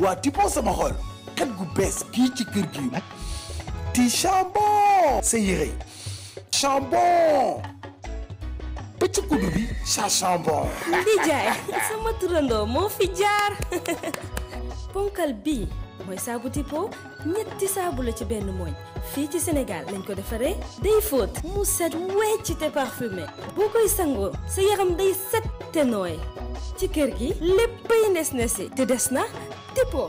waa Tipo sama xol kat gu bees kii ci kër gi nag ti chambon sa yére chambon ba ci kuddu bi sa chambon di sama turandoo moo fi jaar ponkal bii mooy saabu Tipo ñetti saabu la ci benn mooñ fii ci senegal lañ ko defaree day fóot mu set wecc te parfumé boo koy sangoo sa yaram day set te nooy ci kër gi léppay nes na si te des na tipo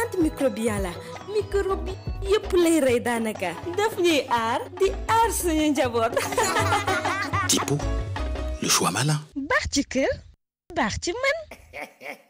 antimicrobien la microbe bi yëpp lay rey daanaka daf ñuy aar di aar suñu njaboot. tipo le choix malin. baax ci kër baax ci man.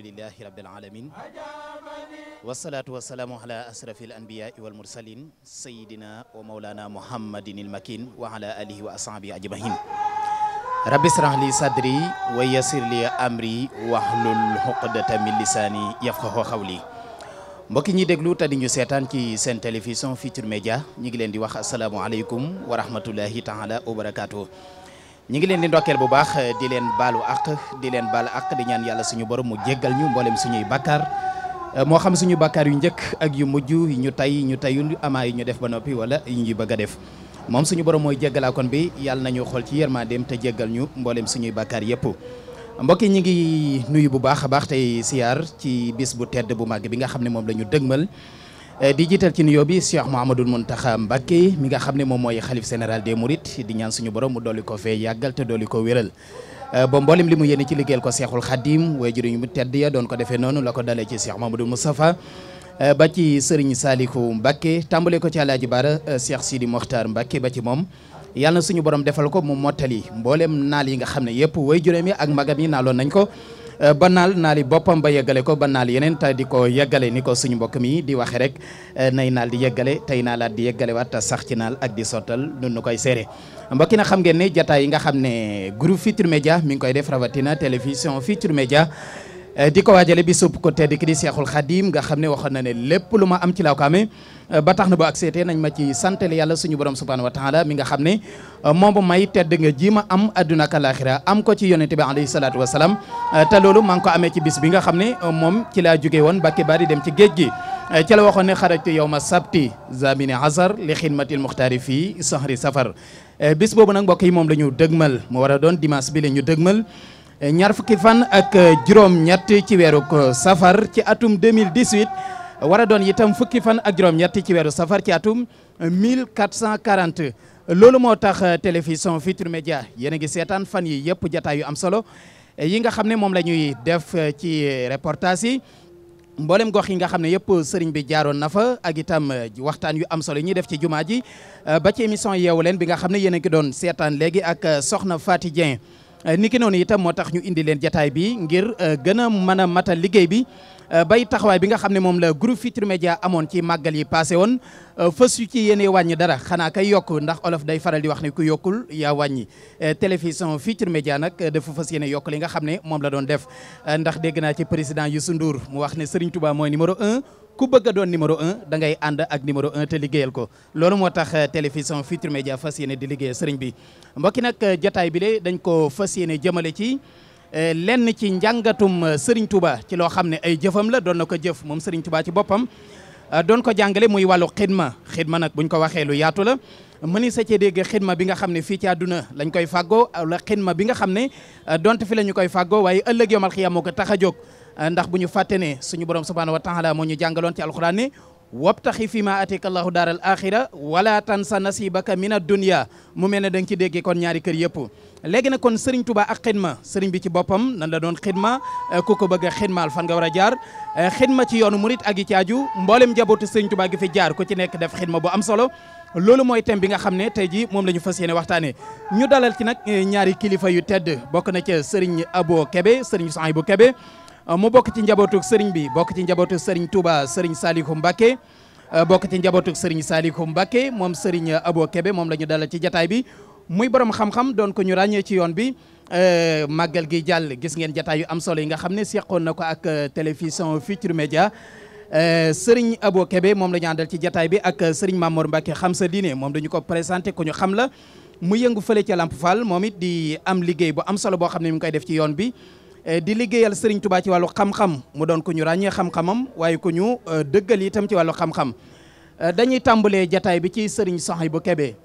alhamdulilahi rabbil alamin wasalaatu wasalaamu ala asrafi al anbiyai wal mursalin sayidina wa maulana muhammadin il makin wa ala alihi wa ashabi ajmahin rabbi israh li sadri wa yassir li amri wahlul uqdata min lisani yafqahu xawli mbokki ñi déglu te di ñu seetaan ci seen télévision Futurs Médias ñu ngi leen di wax asalaamualeykum wa rahmatullahi taala wa barakaatu ñi ngi leen di ndokkeel bu baax di leen baalu àq di leen baalu àq di ñaan yàlla suñu borom mu jéggal ñu mboolem suñuy bakkaar moo xam suñu bakkaar yu njëkk ak yu mujj yi ñu tay ñu tayul amaa yi ñu def ba noppi wala yu ñuy bëgg a def moom suñu borom mooy jéggalaakoon bi yàlla nañu xool ci yërmandeem te jéggal ñu mboolem suñuy bakkaar yëpp. mbokk yi ñu ngi nuyu bu baax a baax tey siyaar ci bis bu tedd bu màgg bi nga xam ne moom la ñu dëgmal Eh, di jiital ci nuyoo bi Cheikh Mouhamadul Mountakha Mbacké mi nga xam ne moom mooy xalif général des Mourides di ñaan suñu borom mu dolli ko fee yàggal te dolli ko wéral eh, ba mboolem li mu yéene ci liggéeyal ko Cheikhul Khadim waaye juriñu mu tedd ya doon ko defee noonu la ko dalee ci Cheikh Mouhamadul Moustapha eh, ba ci Serigne Salikou Mbacké tàmbale ko ci Alaaji Bara Cheikh Sidi Mokhtar Mbacké ba ci moom yàlla na suñu borom defal ko mu mottali mboolem naal yi nga xam ne yëpp way juróom yi ak magam yi naaloon nañ ko Euh, ba naal naali boppam ba yeggale ko ba naal yeneen te di ko yeggale ni ko suñu mbokk mi di waxe rek euh, nay naal di yeggale tey naalaat di yeggale waat sax ci ak di sottal nun nu koy seere mbokki na xam ngeen ne jataay yi nga xam ne groupe Futurs média mi ngi koy def rawatina télévision Futurs média Eh, di ko waajale bi sub ko tedd ki di Seexul Xadim nga xam ne waxoon na ne lépp lu ma am ci laa ko amee eh, ba tax na bu accepté nañ ma ci santale yàlla suñu borom subhanahu wa mi nga xam ne eh, moom bu may tedd nga ji ma am adduna ak alaxira am ko ci yonente bi alayhi salaatu wasalaam te loolu maa ngi ko amee ci bis bi nga xam ne moom ci laa jóge woon Mbàkke Bari dem ci géej ci la waxoon ne xarajtu yow ma sabti zamini asar li xidmatil muxtaari fii sahri safar bis boobu nag mbokk yi moom la ñu dëgmal mu war bi la ñu dëgmal ñaar fukki fan ak juróom-ñett ci weeru safar ci atum 2018 war a doon itam fukki fan ak ci weeru safar ci atum 1440 loolu moo tax télévision Futurs Médias yéen a ngi seetaan fan yi yëpp jataay yu am solo yi nga xam ne moom la ñuy def ci reportage yi mboolem gox yi nga xam ne yëpp sëriñ bi jaaroon nafa fa ak itam waxtaan wi am solo yi ñuy def ci jumaa ji ba ci émission yeewu leen bi nga xam ne yéen a ngi doon seetaan léegi ak soxna Faty Dieng Euh, niki noonu itam moo tax ñu indi leen jataay bi ngir euh, gën a mën a matal liggéey bi euh, bay taxawaay bi nga xam ne moom la groupe Futurs Médias amoon ci màggal yi passé woon fës yu ci yéene wàññi dara xanaa kay yokk ndax olof day faral di wax ne ku yokkul yaa wàññi télévision Futurs Médias nag dafa fës yéene yokk li nga xam ne moom la doon def ndax dégg naa ci président Youssou Ndour mu wax ne Serigne Touba mooy numéro un ku bëgg a doon numéro un da ngay ànd ak numéro un te liggéeyal ko loolu moo tax eh, télévision Futurs média fas yéene di liggéeyal sëriñ bi mbokki nag eh, jataay bi de dañ ko fas yéene jëmale ci eh, lenn ci njàngatum sëriñ Touba ci loo xam ne ay jëfam la doon na ko jëf moom sëriñ Touba ci boppam doon ko jàngale muy wàllu xidma xidma nag buñ ko waxee lu yaatu la mëni sa cee dégg xidma bi nga xam ne fii ci àdduna lañ koy fàggoo wala xidma bi nga xam ne dont fi la ñu koy fàggoo waaye ëllëg yomal xiyam moo ko tax a jóg ndax bu ñu fàtte ne suñu borom subhanahu wa taala moo ñu jàngaloon ci alquran ne wabtaxi fi ma atika allahu daaral axira wala tansa nasibaka min ad-dunya mu mel ne da nga ci déggee kon ñaari kër yëpp léegi nag kon Serigne Touba ak xidma sëriñ bi ci boppam nan la doon xidma eh, ku ko bëgg a xidmaal fan war a jaar eh, xidma ci yoonu murit ak yi ci aju mboolem njabootu Serigne Touba gi fi jaar ko ci nekk def xidma bu am solo loolu mooy thème bi nga xam ne tey jii moom la ñu fas yéene waxtaanee ñu dalal ci nag eh, ñaari kilifa yu tedd bokk na ca Serigne Abo Kebe Serigne Sanibou Kebe Euh, mu bokk ci njabootuk sëriñ bi bokk ci njabootuk sëriñ Touba sëriñ Saliou Mbacké euh, bokk ci njabootuk sëriñ Saliou Mbacké moom sëriñ euh, Abo Kébé moom la ñu ci jataay bi muy borom xam doon ko ñu ràññee ci yoon bi màggal gi jàll gis ngeen jataay yu am solo yi nga xam ne seqoon na ko ak télévision Futurs Médias sëriñ Abo Kébé moom la ñu ci jataay bi ak sëriñ Mamour Mbacké xam sa diine moom dañu ko présenté ku ñu xam la mu yëng fële ca Lamp Fall moom it di am liggéey bu am solo boo xam ne mi koy def ci yoon bi Eh, di liggéeyal Serigne Touba ci wàllu xam-xam mu doon ko ñu ràññee xam-xamam waaye ko ñu eh, dëggal itam ci wàllu xam-xam eh, dañuy tàmbalee jataay bi ci Serigne Souhaïbou kebe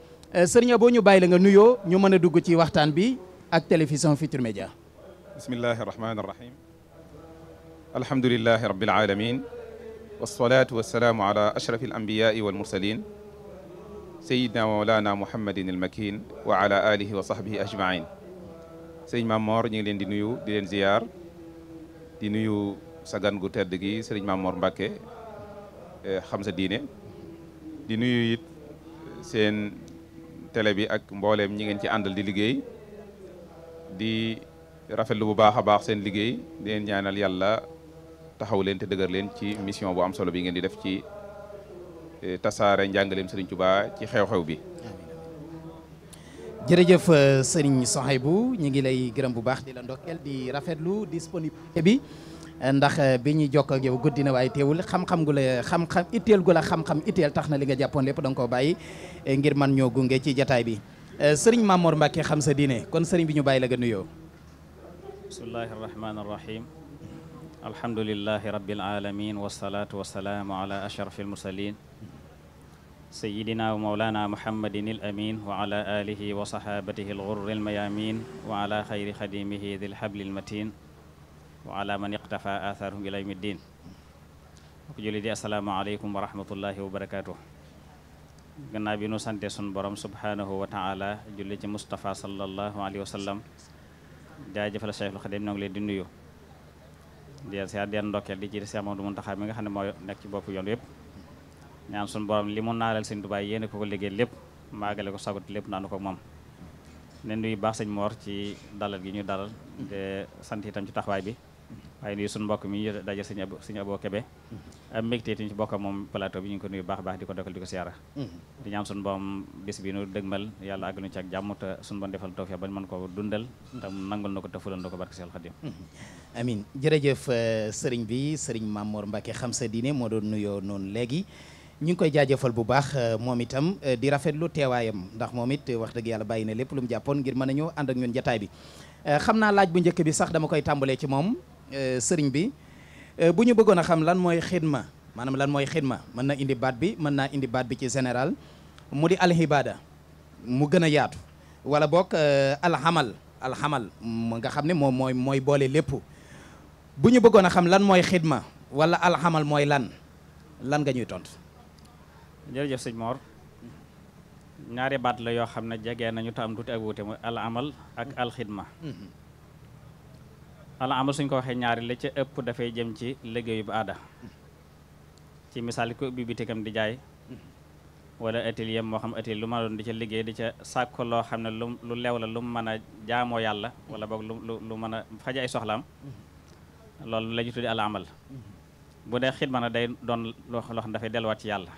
Serigne boo ñu bàyyi la nga nuyoo ñu mën a dugg ci waxtaan bi ak télévision Futurs Médias bismillahi rahmani rahim alhamdulilahi rabbil alamin wasalaatu wasalaamu ala ashrafi sëriñ Mame Mor ñu ngi leen di nuyu di leen di nuyu sagan gu tedd gi sëriñ Mame mbake eh, xam sa diine di nuyu seen tele bi ak mbooleem ñi ngeen ci àndal di liggéey di rafetlu bu baax a baax seen liggéey di leen ñaanal yàlla taxaw leen te dëgër leen ci mission bu am solo bi ngeen di def ci eh, tasaare leen Sëriñ Tuubaa ci xew-xew bi jërëjëf euh, sëriñ Sohaibou ñu ngi lay gërëm bu baax di la ndokkeel di rafetlu disponibilité bi euh, ndax euh, bi ñuy jokk ak guddi na waaye teewul xam-xam gu la xam-xam itteel gu la xam-xam itteel tax na li nga jàppoon lépp da koo bàyyi ngir man ñoo gunge ci jataay bi sëriñ Mamor Mbacke xam sa diine kon sëriñ bi ñu bàyyi la nga nuyoo. bismillahi rahmaani rahim alhamdulillahi rabbil alamin wasalaatu wasalaamu ala ashrafil mursalin sayidina wa mawlana muhammadin al amin wa ala alihi wa sahabatihi al ghurri al mayamin wa ala xayri xadimihi dil habli al matin wa man iqtafa atharhum ila yawmi ddin ko julli di assalaamu wa rahmatullahi wa barakatuh gannaaw bi sante sun borom subhanahu wa taala julli Mustafa sallallahu alayhi wa sallam jaajëfal Cheikhul Khadim ñoo ngi leen di nuyu di siyaar di ndokkeel di ci Cheikh Mamadou Mountakha mi nga xam ne moo nekk ci bopp yoon yëpp ñaan suñu borom li mu naalal sëñ Tuubaa yéene ko ko liggéey lépp maagale ko sagut lépp naanu ko moom ne nuyu baax sëñ Moor ci dalal gi ñu dalal te sant itam ci taxawaay bi waaye nuyu suñu mbokk mi daje sëñ ab sëñ Abo Kebe am mbégte itam ci bokk moom plateau bi ñu ko nuyu baax baax di ko dokkal di ko siyaara di ñaan suñu borom bis bi nu dëgmal yàlla àggal ñu ci ak jàmm te suñu bon defal tawfiq ba ñu mën ko dundal te nangul na ko te fulal na ko barke Seex Xaadim amin jërëjëf euh, sëriñ bi sëriñ Mamoor Mbacke xam sa moo doon nuyoo noonu léegi ñu ngi koy jaajëfal bu baax euh, moom itam euh, di rafetlu teewaayam ndax moom it euh, wax dëgg yàlla bàyyi na lépp lu mu jàppoon ngir mën a ñëw ànd ak ñun jataay bi xam naa laaj bu njëkk bi sax dama koy tàmbalee ci moom sëriñ bi bu ñu bëggoon a xam lan mooy xidma maanaam lan mooy xidma mën na indi baat bi mën naa indi baat bi ci général mu di alxibaada mu gën a yaatu wala boog alxamal alxamal nga xam ne moom mooy mooy boole lépp bu ñu bëggoon a xam lan mooy xidma wala alxamal mooy lan lan nga ñuy tontu. jërëjëf sëñ Mor ñaari baat la yoo xam ne jege nañu tam am tuuti ak wuute muy al amal ak alxidma al amal suñ ko waxee ñaari la ca ëpp dafay jëm ci liggéeyu bu aada ci misaal ko ubbi bitikam di jaay wala atelier moo xam atelier lu ma doon di ca liggéey di ca sàkko loo xam ne lu lu lew la lu mën a jaamoo yàlla wala boog lu lu mën a faja ay soxlaam loolu la ñu tuddi al amal bu dee xidma na day doon loo xam ne dafay delluwaat ci yàlla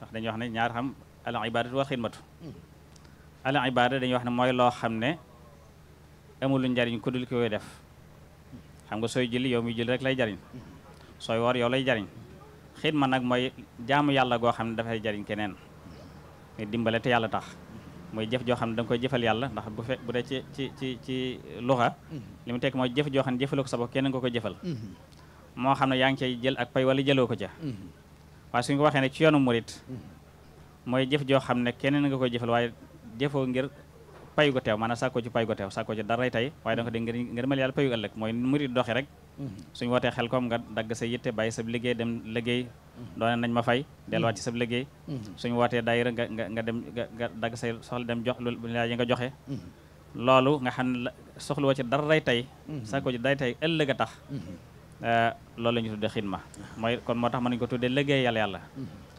ndax dañuy wax ne ñaar xam al ibadatu wal xidmatu al ibada dañu wax ne mooy loo xam ne amul njariñ ku dul koy def xam nga sooy julli yow muy julli rek lay jariñ sooy woor yow lay jariñ xidma nag mooy jaamu yàlla goo xam ne dafay jariñ keneen muy dimbale te yàlla tax mooy jëf joo xam ne da koy jëfal yàlla ndax bu fe bu dee ci ci ci ci luxa li mooy jëf joo xam ne jëfaloo ko sa bopp keneen nga ko jëfal mm-hmm. moo xam ne yaa jël ak pay wala jëloo waaye suñ ko waxee ne ci yoonu murit mooy jëf joo xam ne keneen nga koy jëfal waaye jëfoo ngir payu ko teew maanaam sàkkoo ci payu ko teew sàkkoo ci daray tey waaye danga ko dégg ngir ngir mel yàlla payu ëllëg mooy murit doxee rek mm-hmm. suñ wootee xel koom nga dagg sa yitte bàyyi sa liggéey dem liggéey mm-hmm. doone nañ ma fay delluwaat ci sa liggéey mm-hmm. suñ wootee daayira nga nga dem nga dagg say soxla dem jox lu laa nga joxe loolu nga xam ne soxluwoo ci daray tey sàkkoo ci daray tey ëllëg a tax Eh, loolu la ñu tuddee xidma mooy kon moo tax mën nañu ko tuddee liggéeyal yàlla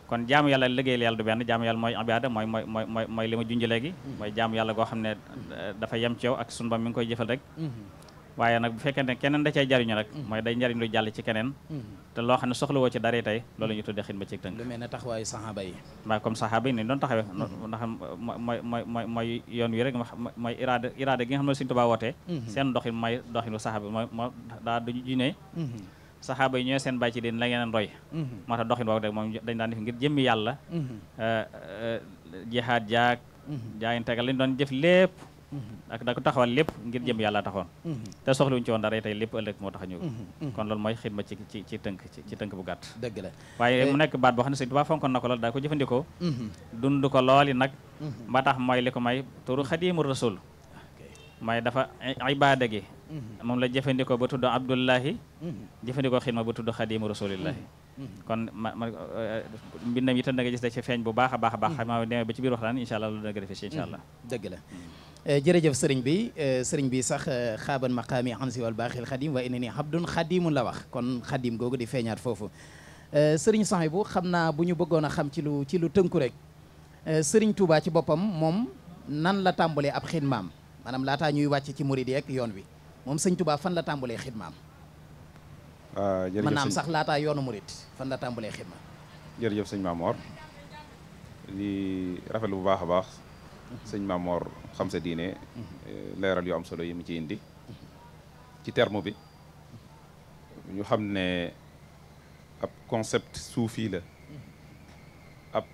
kon jaamu yàlla liggéeyal yàlla du benn jaamu yalla mooy ibaada mooy mooy mooy mooy mooy li ma junj léegi mooy jaamu yàlla goo xam ne eh, dafa yem ci yow ak sunu ba mi ngi koy jëfal rek waaye nag bu fekkee ne keneen da cay jariñu rek mm-hmm. mooy day njariñ lu jàll ci keneen mm-hmm. te loo xam ne soxlawoo ci dara tey loolu ñu tuddee xin ba ci tënk lu mel ne taxawaayu saxaaba yi waaw comme saxaaba yi ni doon taxawee mm-hmm. ndax mooy mooy mooy mooy yoon wi rek mooy iraada iraada gi nga xam ne Sëriñ Tuubaa wootee seen doxin mooy doxin bu saxaaba yi mooy moo daa duñu ne saxaaba yi ñooy seen bàyyi ci din la ngeen roy moo tax doxin boobu rek moom dañ daan def ngir jëmmi yàlla euh, euh, jihaad jaag jaayintegal lañ doon jëf lépp ak da ko taxawal lépp ngir jëm mm-hmm. yàlla taxoon mm-hmm. te soxluñu ci woon dara tey lépp ëllëg moo tax ñu mm-hmm. kon loolu mooy xidma ci ci ci tënk ci tënk bu gàtt dëgg la waaye eh. mu nekk baat boo xam ne Sëñ Tuubaa fonkoon na ko lool daa ko jëfandikoo dund ko looli nag ba tax mooy li ko may turu xadiimu rasul mooy dafa ibaada gi moom la jëfandikoo ba tudd Abdullahi jëfandikoo xidma ba tudd xadiimu rasulillahi kon ma ma eh, mbindam itam da nga gis da ci feeñ bu baax a baax a baax xam naa demee ba ci biir waxtaan incha allah loolu dana gën a fës incha allah la Eh, jërëjëf sëriñ bi eh, sëriñ bi sax eh, xaaban maqaami an si wal baaxil xadim waaye inni abdun xadimun la wax kon xadim googu di feeñaat foofu sëriñ soxna bu xam naa bu ñu bëggoon a xam ci lu ci lu tënku rek sëriñ Touba ci boppam moom nan la tàmbalee ab xidmaam maanaam laataa ñuy wàcc ci murid yeeg yoon wi moom sëñ Touba fan la tàmbalee xidmaam ah, jërëjëf mën naa sax laataa yoonu murid fan la tàmbalee xidmaam jërëjëf sëñ Mamor di rafetlu bu baax a baax sëñ Mamor xam sa diine mhm. eh, leeral yu am solo yi mu ci indi mhm. ci termo bi ñu xam ne ab concept suufi la mhm. ab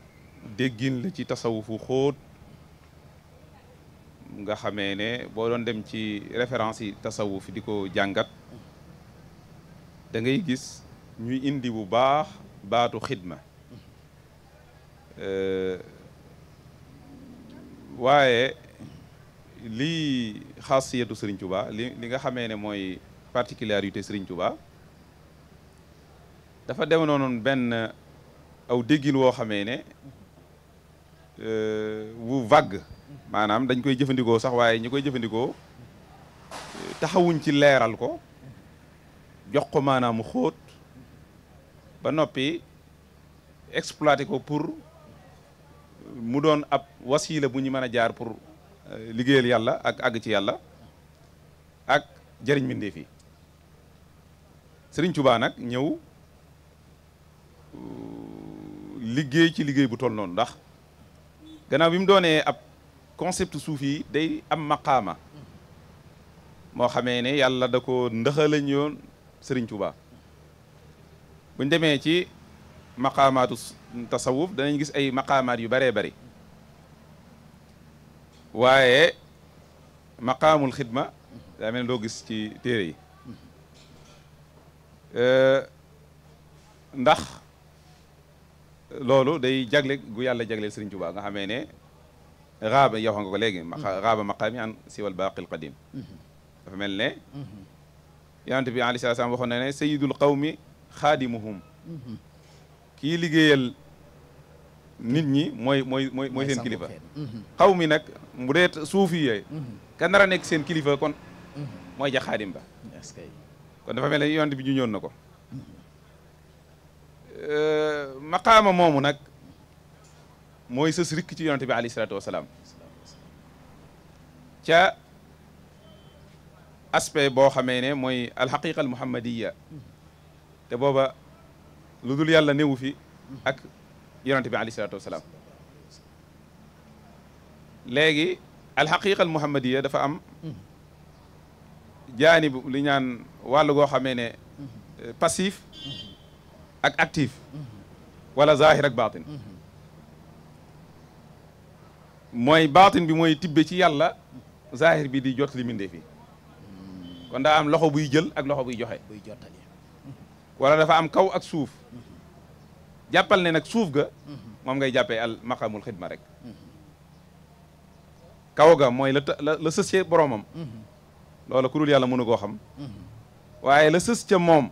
déggin la ci tasawufu xóot nga xamee ne boo doon dem ci référence yi tasawuf di ko jàngat da ngay gis ñuy indi bu baax baatu xidma eh, waaye lii xaasiyatu Serigne Touba li li nga xamee ne mooy particularité Serigne Touba dafa dem noonu benn aw déggin woo xamee ne euh, wu vague maanaam dañ koy jëfandikoo sax waaye ñi koy jëfandikoo taxawuñ ci leeral ko jox ko maanaam mu xóot ba noppi exploité ko pour mu doon ab wasiila bu ñu mën a jaar pour. liggéeyal yàlla ak àgg ci yàlla ak jëriñ mbindéef yi Sëriñ nag ñëw uh, liggéey ci liggéey bu toll noonu ndax gannaaw bi mu doonee ab concept suuf yi day am maqaama moo xamee ne yàlla da ko ndëxalañ yoon Sëriñ Tuubaa buñ demee ci maqaamaatu tasawuf danañ gis ay maqaamaat yu baree bari waaye maqaamul xidma daa mel ne gis ci téere yi eh, ndax loolu day jagle gu yàlla jagleel Sëriñ Tuubaa nga xamee ne raaba yow nga ko léegi mm-hmm. raaba maqaami an siwal baaqil qadim mm-hmm. mel ne mm-hmm. yonent bi alayhi salaam waxoon na ne sayyidul qawmi kii liggéeyal nit ñi mooy mooy mooy mooy seen kilifa mhm. xaw mi nag bu dee suufi yooyu mhm. ka nekk seen kilifa kon mhm. mooy ja xaadim ba kon dafa mel ne bi ñu ñoon na ko euh, maqaama moomu nag mooy sës rikk ci yonent bi alayhi salaatu wasalaam ca aspect boo xamee ne mooy alxaqiqa almuhammadiya te booba lu dul yàlla newu fi ak yonante bi alayhi salaatu wasalaam léegi alxaqiqa al muhammadiya dafa am jaani bu li ñaan wàllu goo xamee ne passif ak actif wala zahir ak baatin mooy baatin bi mooy tibbe ci yàlla zahir bi di jot li fi kon daa am loxo buy jël ak loxo buy joxe buy jottali wala dafa am kaw ak suuf jàppal ne nag suuf ga moom ngay jàppee al maqamul xidma rek kaw ga mooy la la la sës boromam loola ku dul yàlla mënu koo xam waaye la sës ca moom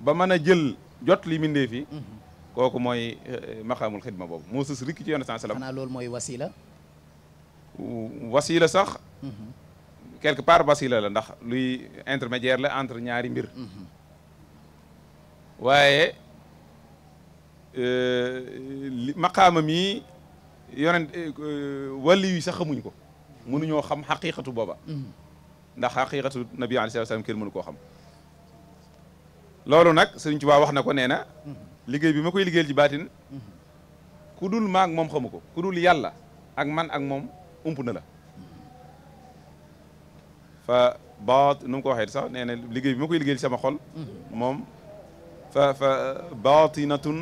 ba mën a jël jot li mindee fi kooku mooy eh, maqaamul xidma boobu moo sës rikk ci yoon saa salaam xanaa loolu mooy wasila wasila sax mhm. quelque part wasila la ndax luy intermédiaire la entre ñaari mbir mhm. waaye Euh, maqaama mi yonent euh, wàlli sax xamuñ ko mënuñoo xam xaqiqatu booba mm-hmm. ndax xaqiqatu nabi alayhi salaam kenn mënu koo xam loolu nag Sëriñ Tuubaa wax na ko nee na mm-hmm. liggéey bi ma koy liggéeyal ci baatin mm-hmm. ku dul maag moom xamu ko ku dul yàlla ak man ak moom ump na la fa baat nu ko waxee sax nee liggéey bi ma koy liggéeyal ci sama xol moom fa fa batinatun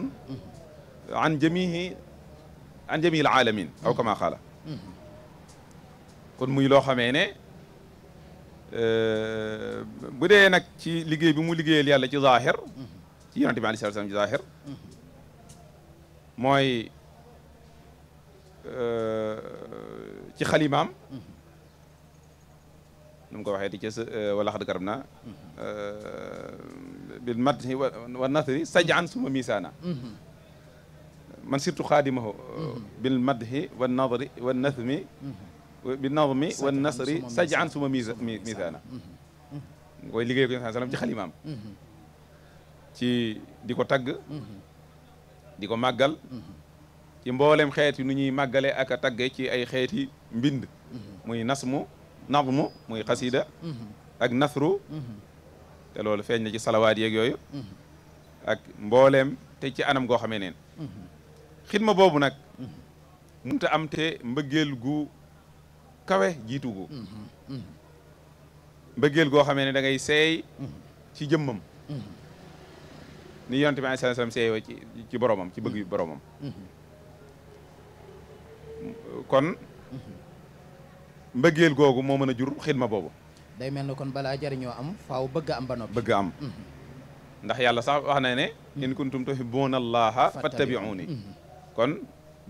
an jamihi an jamii l aalamin aw kama xaala kon muy loo xamee ne euh, bu dee nag ci liggéey bi mu liggéeyal yàlla ci zaahir ci yonente bi aleyhi salaatu salaam ci zaahir mooy euh, ci xalimaam nu mu ko waxee ti ca sa euh, wala xad karam naa bil madhi wa nasri sajaan suma misaana man surtout xaadimahu bil wa nadri wa nasmi bi nadmi wa nasri sajaan suma misaana koy liggéey ko yonent sallam ci xalimaam ci di ko tagg di ko màggal ci mboolem xeeti nu ñuy màggale ak a tagge ci ay xeeti mbind muy nasmu nazmu muy xasida ak nasru te loolu feeñ na ci salawaat yeeg yooyu ak mbooleem te ci anam goo xamee neen xidma boobu nag munta am te mbëggeel gu kawe jiitu gu mbëggeel goo xamee ne dangay ngay seey ci jëmmam ni yonent bi alayhi salaam seeyoo ci ci boromam ci bëgg yu boromam kon mbëggeel googu moo mën a jur xidma boobu day mel ne kon balaa jariñoo am faaw bëgg am ba noppi bëgg am mm-hmm. ndax yàlla sax wax na ne mm-hmm. in kuntum tuhibbuuna allaha fattabi'uuni mm-hmm. kon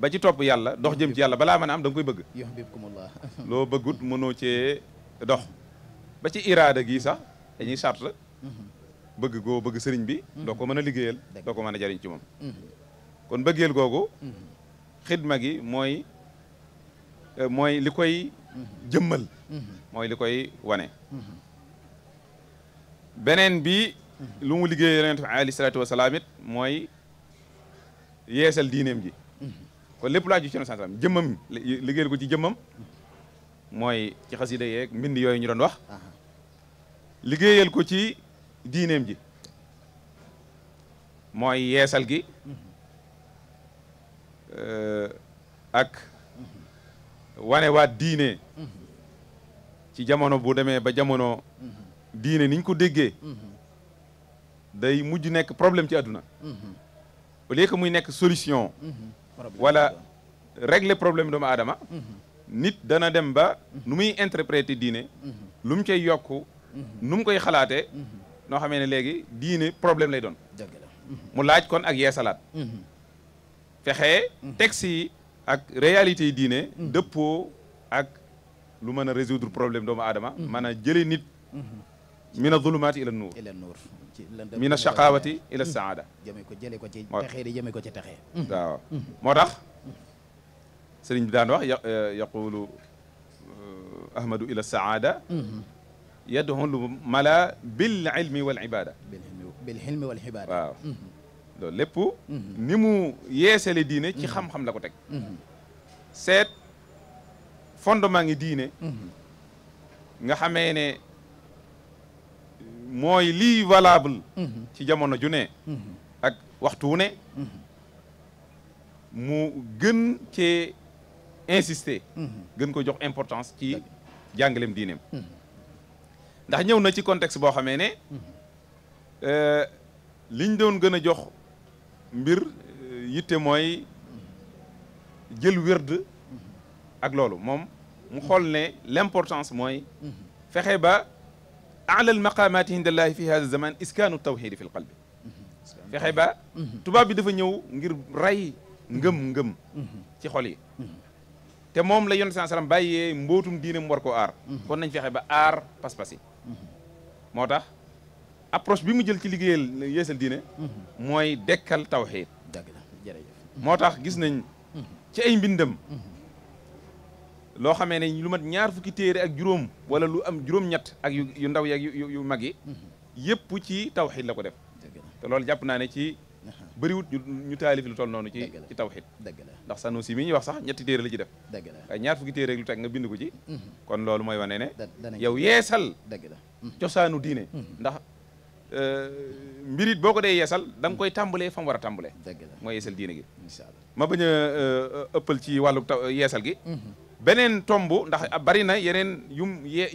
ba ci topp yàlla dox jëm ci yàlla balaa mën a am da koy bëgg yuhbibkumullah loo bëggut mënoo cee dox ba ci iraada gi sax dañuy sart bëgg goo bëgg sëriñ bi doo ko mën a liggéeyal doo ko mën a jariñ ci moom kon bëggeel googu xidma gi mooy eh, li koy jëmmal mooy li koy wane beneen bi lu mu liggéey yonent bi alayhi salaatu wasalaam mooy yeesal diineem ji kon lépp laaj ju ci sallam jëmmam liggéeyal ko ci jëmmam mooy ci xasida yeeg mbind yooyu ñu doon wax liggéeyal ko ci diineem ji mooy yeesal gi mhm. euh, ak wane waat diine ci jamono bu demee ba jamono diine niñ ko déggee day mujj nekk problème ci àdduna au lieu que muy nekk solution wala régler problème doomu aadama nit dana dem ba nu muy interpréter diine lu mu cay yokk nu mu koy xalaatee noo xamee ne léegi diine problème lay doon mu laaj kon ak yeesalaat mm-hmm. fexe mm-hmm. texte ak réalité yi diine mm. dëppoo ak lu mën a résoudre problème doomu aadama mm. mën a jële nit mm-hmm. min a zulumaati ila nuur ila nuur min a shaqawati ila mm. saada jëme ko jële ko ci texe di jëme ko ci texe mm-hmm. waaw mm-hmm. moo tax sëriñ bi daan wax eh, yaqulu eh, ahmadu ila saada yadxulu mala bil ilmi wal ibada bil ilmi wal ibada waaw loolu lépp ni mu yeesale diine ci xam-xam la ko teg seet fondement ngi diine nga xamee ne mooy li valable ci jamono ju ne ak waxtu ne mu gën ce insister gën ko jox importance ci jàngaleem diineem ndax ñëw na ci context boo xamee ne euh, liñ doon gën a jox mbir yitte mooy jël wird ak loolu moom mu xool ne l'importance mooy fexe ba alal maqaamaati indallahi fi hada zaman iskaanu tawxidi fi l fexe ba tubaab bi dafa ñëw ngir ray ngëm ngëm ci xol yi te moom la yonent saa sallam bàyyee mbootum diine mu war koo aar kon nañ fexe ba aar pas moo tax approche bi mu jël ci liggéeyal yeesal diine mooy dekkal tawxiid dëgg la jërëjëf moo tax gis nañ ci ay mbindam loo xamee ne lu mat ñaar fukki téere ak juróom wala lu am juróom-ñett ak yu ndaw yeeg yu mag yi yëpp ci tawxiid la ko def te loolu jàpp naa ne ci bëriwut ñu taalif lu toll noonu ci ci tawxiid dëgg la ndax Sanusi mi ñuy wax sax ñetti téere la ci def dëgg la waaye ñaar fukki téere ak lu teg nga bind ko ci mhm. kon loolu mooy wane ne yow yeesal dëgg la mhm. cosaanu diine mhm. Euh, mbirit boo ko dee yeesal da koy tàmbalee fa mu war a tàmbalee mooy yeesal diine gi ma bañ a euh, ëppal ci wàllu yeesal gi mhm. beneen tomb ndax bari na yeneen yum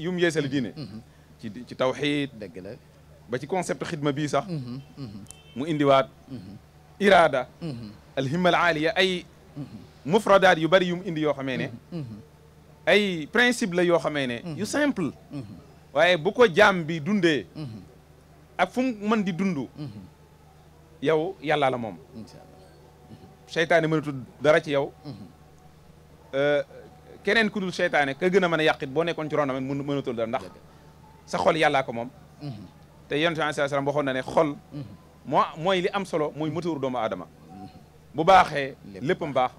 yum yeesal diine mhm. ci ci tawxiid dëgg la ba ci concept xidma bi sax mhm. mu indiwaat iraada alhimma al aaliya ay mufradaat yu bari yum indi yoo xamee ne ay principe la yoo xamee ne yu simple waaye bu ko jaam bi dundee ak fu mu mën di dund mm-hmm. yow yàlla la moom mm-hmm. seytaane mënatul dara ci yow mm-hmm. euh, keneen ku dul seytaane ka gën a mën a yàqit boo nekkoon ci ronam mën mënatul dara ndax sa xol yàllaa ko moom te yonent bi alayhi salaam waxoon na ne xol moo li am solo mooy moteur doomu adama bu baaxee léppam baax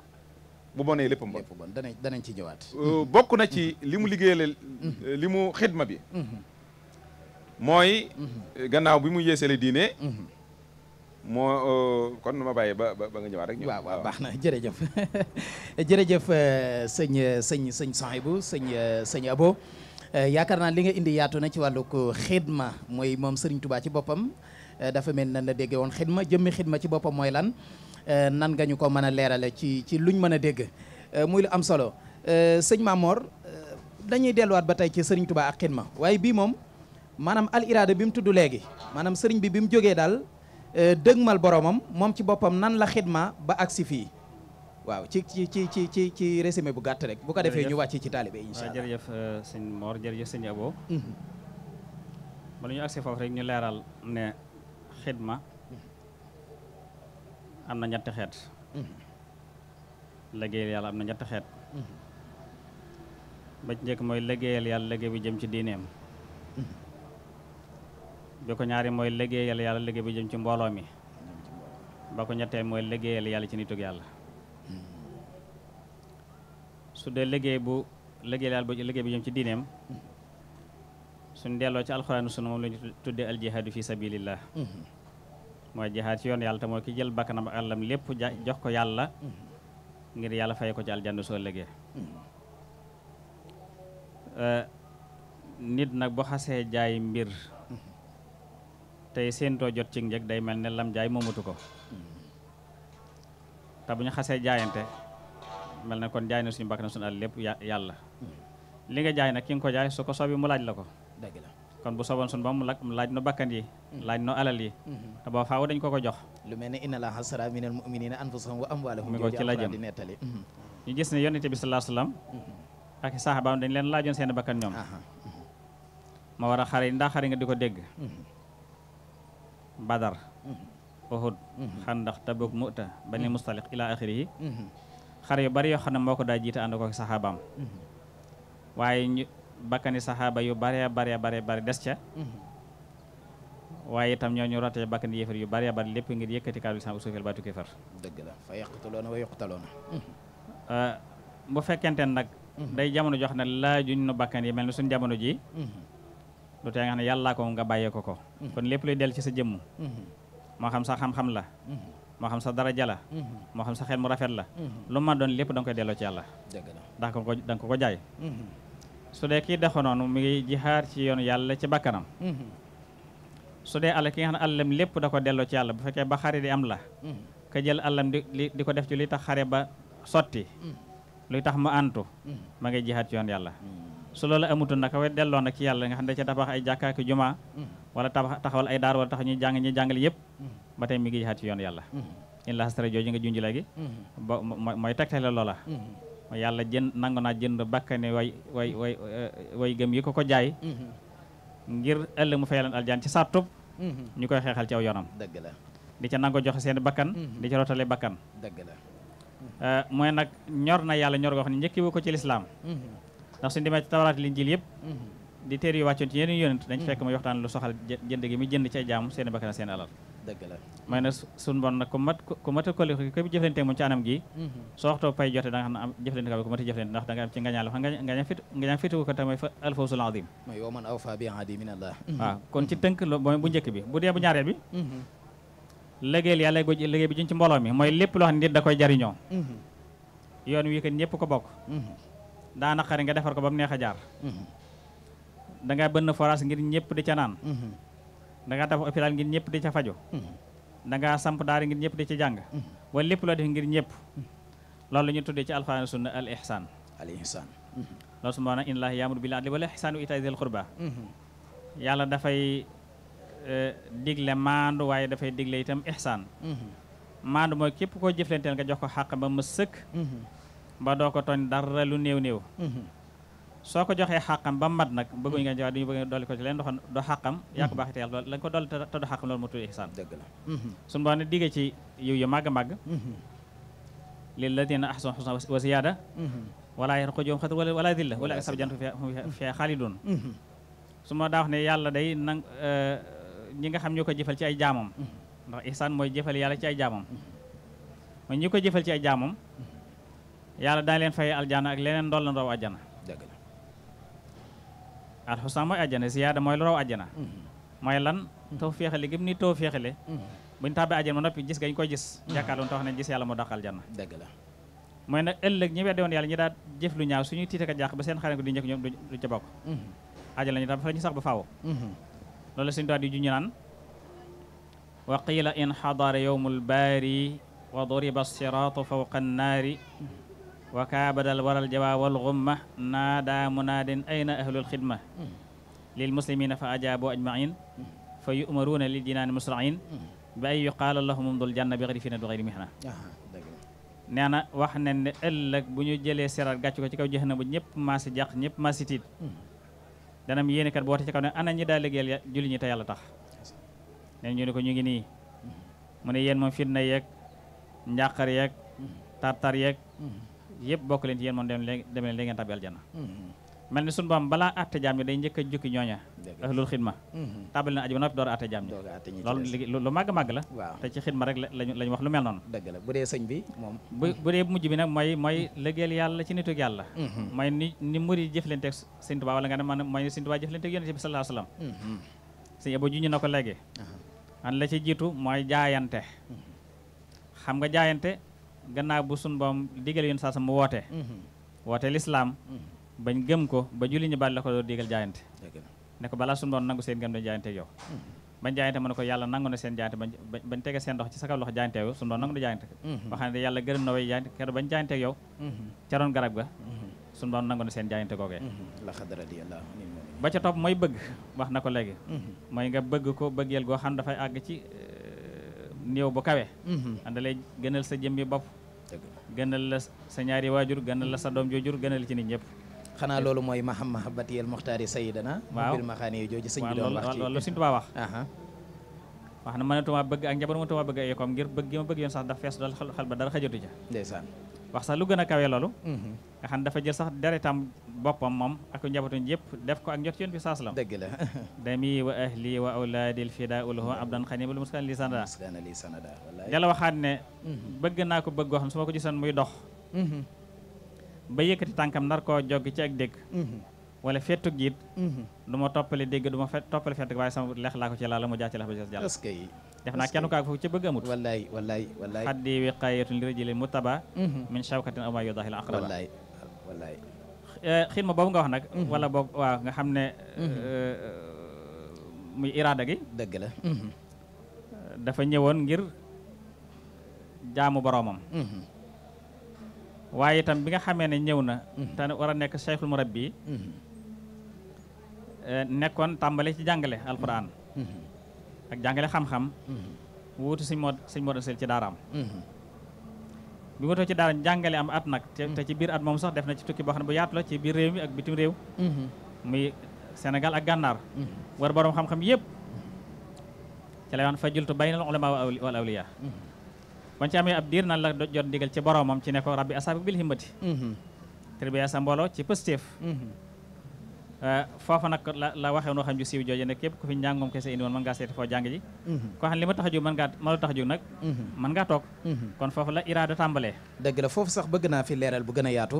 bu bonee lépp bon danañ danañ ci ñëwaat euh, bokk na ci li mu liggéeyal xidma bi mooy mhm. gannaaw bi mu yéesale diine mhm. moo euh, kon ma bàyyi ba ba nga ñëwaat rek ñu waaw waaw baax na jërëjëf jërëjëf euh, sëñ euh, sëñ sëñ Sohaibou sëñ sëñ Abo yaakaar naa li nga indi yaatu na ci wàllu ko xidma mooy moom Serigne Touba ci boppam dafa mel nan la déggee woon xidma jëmmi xidma ci boppam mooy lan nan nga ñu ko mën a leerale ci ci luñ mën a dégg muy lu am solo sëñ Mamor dañuy delluwaat ba tey ci Serigne Touba ak xidma waaye bii moom maanaam al iraada bi mu tudd léegi maanaam sëriñ bi bi mu jógee daal euh, dëgmal boromam moom ci boppam nan la xidma ba agsi fii waaw ci ci ci ci ci ci résumé bu gàtt rek bu ko defee ñu wàcc ci taalibe incha allah jërëjëf euh, sëñ Mor jërëjëf sëñ Abo mhm. foofu rek ñu leeral ne xidma am na ñetti xeet mhm. liggéeyal yàlla am na ñetti xeet mhm. ba ci njëkk mooy liggéeyal yàlla liggéey bi jëm ci diineem bi ko ñaari mooy liggéeyal yàlla liggéey bi jëm ci mbooloo mi mm. ba ko ñettee mooy liggéeyal yàlla ci nitug yàlla mm. su dee liggéey bu liggéeyal yàlla bu liggéey bi jëm ci diineem mm. suñ delloo ci alxuraanu sunu moom la tuddee al jihaadu fi sabilillah mm-hmm. mooy jihaad ci yoon yàlla te mooy ki jël bakkanam ak àllam lépp jox ko yàlla mm-hmm. ngir yàlla fay ko ci aljanna soo liggéey mm-hmm. euh, nit nag bu xasee jaay mbir tey séentoo jot ci njëg day mel ne lam jaay moomatu ko te bu ñu xasee jaayante mel ne kon jaay na suñu bakkan suñu àll lépp yàlla li nga jaay nag ki nga ko jaay su ko soobee mu laaj la ko dëgg la kon bu soboon suñu ba mu laaj no bakkan yi mm-hmm. laaj no alal yi mm-hmm. te boo faaw dañ ko ko jox lu mel ne inna laaha ashtara minal mu'minina anfusahum wa amwaalahum mi ko ci la jëm di nettali mm-hmm. ñu gis ne yonente bi sallallahu alayhi wasallam ak saxaabaam dañ leen laajoon seen bakkan ñoom ma war a xare yi ndax xare nga di ko dégg badar mm-hmm. uhud mm-hmm. xandax tabuk mu'ta bani mm-hmm. mustalik ila axiri yi yu bari yoo xam ne moo ko daa jiite ànd ko saxaabaam waaye ñu bakkani saxaaba yu bare bare bare bare des ca waaye itam ñoo ñu rotee bakkani yéefar yu bare bare lépp ngir yëkkati kàddu lislaam bu suufeel baatu kéefar bu fekkente nag day jamono jox ne laajuñ nu bakkan mel ni suñ jamono ji lu tee nga xam yàllaa ko nga bàyyee ko ko mm-hmm. kon lépp luy del ci sa jëmm mm-hmm. moo xam sa xam-xam la mm-hmm. moo xam sa dara jala moo xam sa xel mu rafet la lu ma doon lépp da koy delloo ci yàlla ndax ko ko da nga ko jaay su dee kii dexo noonu mi ngi jihaar ci yoonu yàlla ci bakkanam su dee àll ki nga xam ne àllam lépp da ko delloo ci yàlla bu fekkee ba xare di am la ka jël di di ko def ci luy tax xare ba sotti luy tax mu àntu ma ngay jihaar ci yoon yàlla su loolu amutoon naka way delloona nag ci yàlla nga xam ne ca tabax ay jàkkaak jumaa mm. wala tabax taxawal ay daar wala tax ñuy jàng ñuy jàngale yëpp mm. ba tey mi ngi jaxaat ci yàlla mm. la xasara jooju nga junj léegi ba mooy tegtale loola yàlla jënd nangu naa jënd bakkane way way way uh, way gëm yi ko ko jaay mm-hmm. ngir ëllëg mu fay leen aljaan ci sàttub mm-hmm. ñu koy xeexal ci aw yoonam dëgg la di ca nango joxe seen bakkan mm-hmm. di ca rootale bakkan dëgg la uh, mooy nag ñor na yàlla ñor goo xam ne ko ci lislaam ndax suñu demee ci tawraat li Injiil yëpp mhm. di teer yu wàccoon ci yeneen yonent dañ mhm. fekk muy waxtaan lu soxal jënd gi muy jënd ci ay jaamu a anam gi mhm. soo waxtoo pay jote da xam ne am jëflante ko ku mat a ndax da nga ci ngañaal xam ngañaa fit ko tamit alfawsul azim yow man awfa kon ci tënk lo bu njëkk bi bu dee bu ñaareel bi liggéeyal yàlla gu liggéey bi juñ ci mbooloo mi mooy lépp loo xam nit da koy jariñoo yoon wi kat ñëpp ko bokk daa naqari nga defar ko ba mu neex a jaar mm-hmm. da nga bënn forage ngir ñëpp di ca naan da nga tabax hôpital ngir ñëpp di ca faju mm-hmm. da nga samp daara ngir ñëpp di ca jàng mm-hmm. wala lépp loo def ngir ñëpp loolu la ñu tuddee ci alxuraan sunna al ihsan loolu su ma naan inna laaha yaamuru bil adli wal ihsaan wa itaa'i zil qurba yàlla dafay e, digle maandu waaye dafay digle itam ihsaan maandu mooy képp koo jëflanteel nga jox ko xàq ba mu sëkk ba doo ko tooñ dara lu néew néew mhm. soo ko joxee xàqam ba mat nag bëgguñ nga jox duñu bëgg dolli ko ci leen doxoon do xàqam mhm. yàq baax te yàlla dool lañ ko dolli te do xàqam loolu mu tudd ihsaan dëgg la mhm. suñu boo ne diggee ci yiw yu màgg màgg lil ladina ahsanu husna wa ziyaada wala yarqujuhum xat wala wala dilla wala ak sab jantu nang eh, ñi nga xam ñoo ko jëfal ci ay jaamam ndax ihsaan mooy jëfal yàlla ci ay jaamam mooy ñi ko jëfal ci ay jaamam yàlla daa leen fay aljana ak leneen ndool la raw ajjana alxusna mooy ajjana ziyaada mooy lu raw ajjana mm-hmm. mooy lan taw féexale gi mu ni taw féexale bu ñu tàbbee ajjana ba noppi gis gañ koy gis mm-hmm. jàkkaarloo tax ne gis yàlla moo daqal aljana dëgg la mooy nag ëllëg ñi weddi woon yàlla ñi daa jëf lu ñaaw suñuy tiite ka jàq ba seen xare ko di njëkk ñoom du ca bokk mm-hmm. ñu tam fa la sax ba faaw loolu suñu tuwi di ju naan wa qiila in xadara yowmul baari wa duriba siraatu fawqa annaari wa kaabadal waral jawaa wal xumma naadaa munaadin ayna ahlul xidma lil muslimina fa ajaabu ajmain fa yu'maruuna lil jinaani musrain bi ay yuqaala lahum umdul janna bi xayri fitna du xayri mihna nee na wax ne ne ëllëg bu ñu jëlee seral gàcc ko ci kaw jeex na bu ñëpp maasi jàq ñëpp maasi tiit hmm. danam yéene kat boote ci kaw ne ana ñi daa liggéeyal julli ñi te yàlla tax neen ñu ne ko ñu ngi nii hmm. mu ne yéen moom na yeeg njàqar yeeg hmm. tartar yeeg yëpp bokk leen ci yéen moom dem leen dem leen ngeen tàbbi aljanna mm-hmm. mel ni sunu borom balaa àtte jaam ñi day njëkk a jukki ñooña ahlul xidma mm-hmm. tàbbal na aji ba noppi door a àtte jaam ñi loolu lu màgg màgg la te ci xidma rek lañu lañu wax lu mel noonu dëgg la bu dee sëñ bi moom bu dee mujj bi nag mooy mooy yàlla ci nituk yàlla mm-hmm. mooy ni ni muri jëflanteeg sëñ Tuubaa nga ne man mooy ni sëñ Tuubaa jëflanteeg bi sallallahu alayhi wasallam sëñ na ko léegi uh-huh. xam nga jaayante gannaaw bu sun boom digal yoon saa sam mu woote mhm. woote lislaam mhm. bañ gëm ko ba julli ñu bari la ko doon digal jaayante ne ko balaa sun boom nangu seen gëm dañ jaayante yow mhm. bañ tege seen ndox ci sa kaw loxo jaayante yow sun boom nangu na jaayante waxam ne yàlla gërëm na way jaayante keroog bañ jaayante yow ca roon garab ga sun boom nangu na seen jaayante googee ba ca topp mooy bëgg wax na ko léegi mooy nga bëgg ko bëggeel néew bu kawe anda mhm. lay gënal sa jëmmi bopp gënal la sa ñaari waajur gënal la sa doom joojur gënal ci nit ñëpp xanaa loolu mooy ma mahabati al muxtaari sayidana waaw mbir maxaani yi jooju sëñ bi doon wax ci loolu sëñ Tuubaa wax wax na mënatuma bëgg ak njabar mënatuma bëgg ay koom ngir bëgg gi ma bëgg yoon sax daf fees dal xal ba dara xajatu ca wax sax lu gën a kawe loolu mm-hmm. nga xam dafa jël sax deretam boppam moom ak njabootuñ yëpp def ko ak njot yoon bi saas la dëgg la dami wa ahli wa awlaadil fidaa ulhu abdan xanibul muskan li sanada dala waxaat ne mm-hmm. bëgg naa ko bëgg goo xam su ma ko gisoon muy dox mm-hmm. ba yëkkati tànkam nar koo jog ci ak dégg wala fettu giit du ma toppale dégg du ma toppale fettu waaye sama lex laa ko ci laala mu jaa ci lex ba jàll def naa kenn kaak foofu ca bëgg amut wallaay wallaay wallaay xaddi wiqaayatun li rajulin mutaba mhm. min shawkatin aw ma yudahil aqraba wallaay wallaay eh, xidma boobu nga wax nag mhm. wala boog waa nga xam ne mhm. eh, muy iraada gi dëgg la dafa ñëwoon ngir jaamu boroomam waaye itam bi nga xamee ne ñëw na te war a nekk cheikhul murabbi eh, nekkoon tàmbali ci jàngale alquran ak jàngale xam-xam mm-hmm. wuutu sëñ Mor sëñ Mor Asel ci daaraam mm-hmm. bi wutoo ci daara jàngale am at nag te mm-hmm. ci biir at moom sax def na ci tukki boo xam ne bu yaatu la ci biir réew mi ak bitim réew muy Sénégal ak gànnaar war boroom xam-xam yëpp ci lay waan fajultu baynal ulama wal awliya bañ ci amee ab diir nan la jot ndigal ci boromam ci ne ko rabbi asaabi bil himmati tarbiya sa mbooloo ci pëstéef Eh, foofa nag la la waxee noo xam ju siiw jooju nag képp ku fi njàng kese indi woon mën ngaa seeti foo jàng ji mhm. koo xam ne li ma tax a jóg mën ma la tax a jóg nag mhm. mën ngaa toog mhm. kon foofu la iraada tàmbalee dëgg la foofu sax bëgg naa fi leeral bu gën a yaatu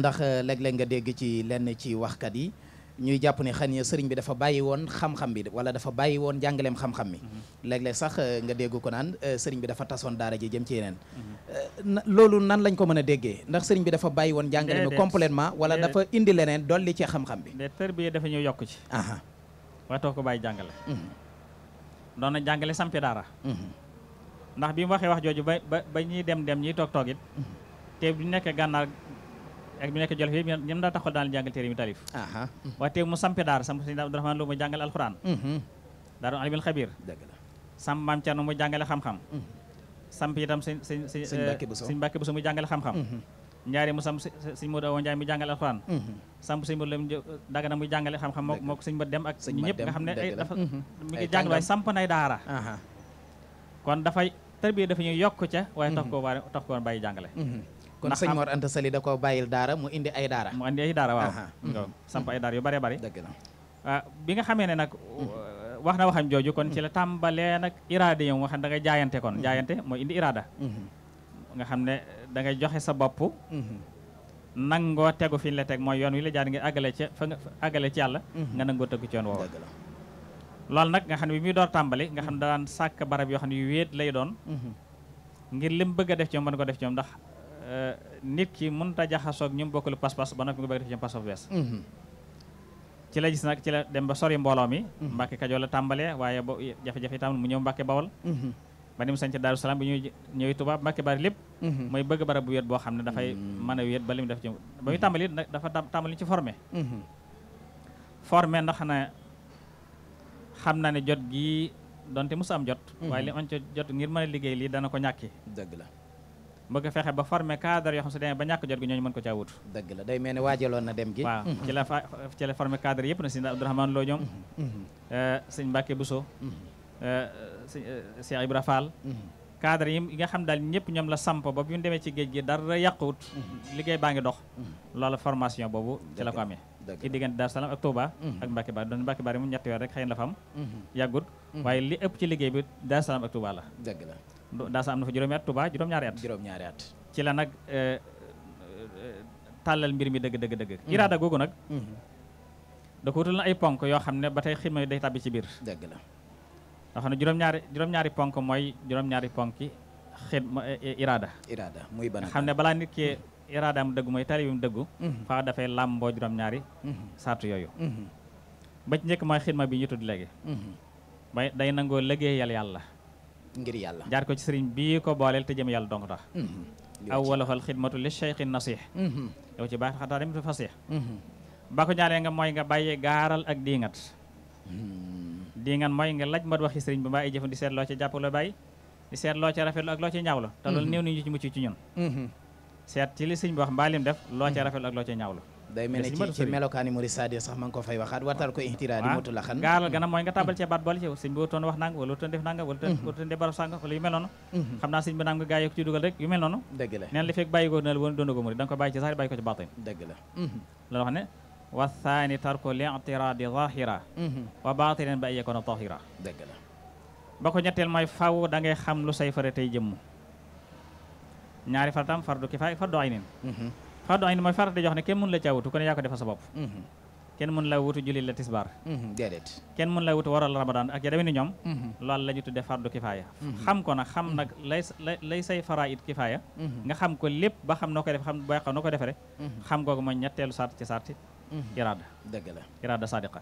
ndax eh, léeg-léeg nga dégg ci lenn ci waxkat yi ñuy jàpp ne xan ya sëriñ bi dafa bàyyi woon xam-xam bi wala dafa bàyyi woon jàngaleem xam-xam mi mm-hmm. léeg-léeg sax euh, nga dégg ko naan euh, sëriñ bi dafa tasoon daara ji jëm ci yeneen mm-hmm. euh, loolu nan lañ ko mën a déggee ndax sëriñ bi dafa bàyyi woon jàngale mi complètement wala dafa indi leneen dolli ci xam-xam bi de tërbiya dafa ñëw yokk ci aha waxtoo ko bàyyi jàngale mm-hmm. doon na jàngale sampi daara ndax bi mu waxee wax jooju ba ba ñuy dem dem ñiy toog toog te bu nekkee gànnaar ak bi nekk Jolof yëpp ñoom daa taxool daal jàngal téere mi taalif waaye teew mu sampi daar samp sëñ Abdou Rahman Lo mu jàngale alxuraan mhm. daa doon alimul xabiir samp maam Cerno mu jàngale xam-xam mhm. samp itam sëñ sëñ sëñ Mbàkke Buso mu jàngale xam-xam mhm. ñaari mu samp sëñ Moodu Awa Njaay mu jàngale alxuraan samp sëñ Moodu Lamin euh, Dagana mu jàngale xam-xam moo moo ko sëñ Mat Dem ak ñu ñëpp nga xam ne ay dafa mi ngi jàngal waaye samp nay daara kon dafay tarbiya dafa ñuy yokk ca waaye tax koo bàyyi jàngale kon sëñ Mor Anta Sali da koo bàyyil daara mu indi ay daara mu indi ay daara waaw nga samp ay daara yu bëree bëri ah, bi nga xamee ne nag wax na waxam jooju kon ci la tàmbalee nag iraada yow mhm. mhm. nga xam da ngay jaayante kon da ngay joxe sa bopp mhm. nangoo tegu fi ñu la teg mooy yoon wi la jaar ngir àggale ci fa nga àggale ci yàlla nga nangoo tegu ci yoon woowu loolu nag nga xam ne bi muy door tàmbali nga xam ne daan sàkk barab yoo xam ne yu wéet lay doon ngir lim bëgg a def ci moom mën ko def ci moom ndax Euh, nit ki mënta jaxasoo ak ñu bokkul pas-pas ba noppi nga bëgg def ci pas-pas bu bees mhm. ci la gis nag ci la dem ba sori mbooloo mi mhm. Mbàkke Kajoor la tàmbalee waaye ba jafe-jafe itam mu ñëw Mbàkke Bawol mhm. ba ni mu sañ ci Daaru Salaam bi ñuy ñëw Tuubaa Mbàkke bari lépp mooy bëgg barab bu wéet boo xam ne dafay mën a wéet ba li mu dafa ci formé formé ndax na xam naa ne jot gii donte mos am jot waaye li on jot ngir mën a liggéey lii dana ko ñàkki bëgg fexe ba forme cadre yoo xam su demee ba ñàkk jot gi ñooñu mën ko caa wut dëgg la day mel ni waajaloon na dem gi waaw ci la fa ci la former cadre yëpp na sëñ Abdourahmane Lo ñoom mm-hmm. sëñ Mbacke Bousso mm-hmm. euh, euh, Cheikh Ibra Fall mm-hmm. cadre yi nga xam daal ñëpp ñoom la samp ba bu ñu ci géej gi dara yàquwut liggéey baa ngi dox loolu formation boobu ci ko amee ci diggante Daaru Salaam ak Touba ak Mbacke Bari doon Mbacke Bari mu ñetti weer xëy na fa am yàggut waaye li ëpp ci liggéey bi Daaru Salaam ak Touba la daasa am na fa juróomi at Touba juróom-ñaari at. ci la nag eh, eh, tàllal mbir mi dëgg dëgg dëgg. Mm-hmm. iraada googu nag. Mm-hmm. da ko wutal na ay ponk yoo xam ne ba tey xidma day tàbbi ci biir. dëgg la nga xam ne juróom-ñaari ponk mooy juróom-ñaari ponki xidma eh, iraada. iraada muy ban xam ne balaa nit ki mm-hmm. iraadaam dëgg mooy taalibam dëggu. faa dafay làmboo juróom-ñaari. saatu yooyu. ba ci njëkk mooy xidma bi ñu tudd léegi. bay day nangoo liggéeyal yàlla. ngir yàlla jaar ko ci sëriñ bii ko booleel te jëm yàlla dong tax mm-hmm. awwalaxal xidmatu li cheikhin nasih mm-hmm. yow ci baax xataa dem fasih mm-hmm. ba ko ñaaree nga mooy nga bàyyi gaaral ak diingat diingat mooy nga laaj mat waxi sëriñ bi mbaa ay jëfam di seet loo ci jàpp loo bàyyi di seet loo ci rafetlu ak loo ci ñaawlu te loolu néew nañu ci mucc ci ñun seet ci li sëriñ bi wax mbaa lim def loo ci rafetlu ak loo ci ñaawlu day mel ne ci ci melokaani muri sadi sax ma ngi ko fay waxaat watal ko ihtiraari mutu la xan gaaral gana mooy nga tabal mm. cee baat boole ci sëñ bi wax nanga wala wutoon def mm-hmm. def barab sànga wala yu mel noonu mm-hmm. xam naa sëñ bi nanga gaa yi ko ci dugal rek yu mel noonu li fekk bàyyi ko na woon doon ko muri da nga ko bàyyi ci sax bàyyi ko ci baatin dëgg la mm-hmm. loolu xam ne wa thani tarku li'tiradi zahira wa baatinan ba yakuna tahira dëgg la ko ñetteel mooy faw fardu ayn mooy farata jox ne kenn mënu la caa wutu kon yaa ko defal sa bopp mm-hmm. kenn mën la wutu julli la tisbaar mm-hmm, déedéet kenn mën la wutu waral ramadan ak ya demee ni ñoom mm-hmm. loolu la ñu tudde fardu kifaaya xam ko nag xam nag lay lay say faraid kifaaya nga xam ko lépp ba xam noo koy def xam ba xam noo koy defere xam googu mooy ñetteelu sart ci sarti iraada dëgg la iraada sadiqa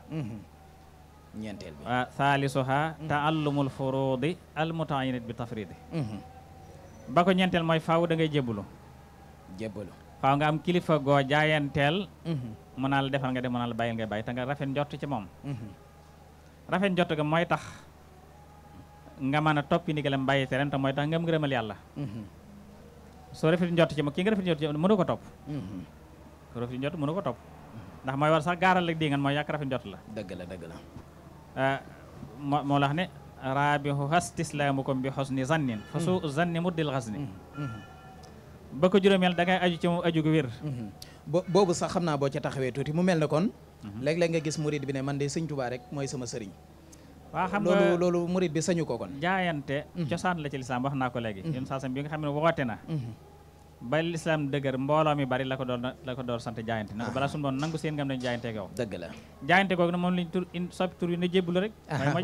ñeenteel bi waaw thaalisuha taallumul furudi al mutaayinat bi tafridi ba ko ñeenteel mooy faaw da ngay jébbalu jébbalu faaw nga am kilifa goo jaayanteel mhm. mu naa la defal nga def mu naa la bàyyil nga bàyyi tanga nga rafet njort ci moom mhm. rafet njort ga mooy tax nga mën a toppi ndigalam bàyyi tereem te mooy tax nga am ngërëmal yàlla mhm. soo rafet njort ci moom kii nga rafet njort ci mënu ko topp ko rafet njort mënu ko topp ndax mooy war sax gaaral ak dingan mooy yàq rafet njort la dëgg la dëgg la ah, moo moo la wax ne raabihu hastislaamukum bi xusni zannin fa suu zanni muddil xasni ba ko juróomeel da ngay aju ci mu aju gu wér mhm. boobu sax xam naa boo ca taxawee tuuti mu mel na kon mhm. léeg-léeg nga gis murid bi ne man de sëñ Tuubaa rek mooy sama sëriñ waa xam nga loolu ko kon jaayante mhm. cosaan la ci naa ko léegi yén saasam bi nga xam ne woote na ba lislaam dëgër mbooloo mi bari la ko doon la ko doon sant jaayante na ko ah. balaa suñu nangu seen ngam dañu jaayante gaw dëgg la jaayante googu na moom lañ tur in tur yi na jébbalu rek ah, mooy ma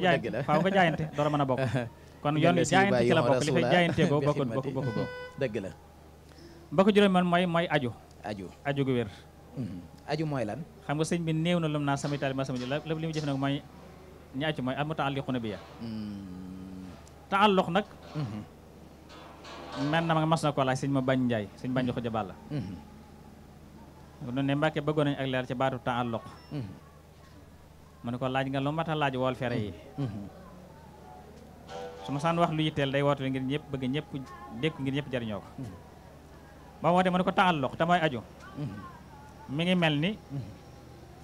jaayante door a a bokk kon yoon jaayante ci la bokk li fay jaayante goo bokkut bokk la ba ko juróomeel mooy mooy aju. aju aju gu wér. Mm-hmm. aju mooy lan. xam nga sëñ bi néew na lum naa samay taalibe sama jël lépp li mu jëf nag mooy ñi aju mooy am taalliquna bi ya. Mm-hmm. taalluq nag. Mm-hmm. mel na ma nga mas na ko laaj sëñ ma bañ Njaay sëñ bañ Joxu Jabal la. ne Mbàkke bëggoon nañu ak leer ci baatu taalluq. mu ne ko laaj nga lu ma a laaj wool fere yi. su ma saan wax lu yitteel day woote ngir ñëpp bëgg ñëpp dégg ngir ñëpp jariñoo ko. ba wootee mu ne ko taalluq te mooy aju mi ngi mel ni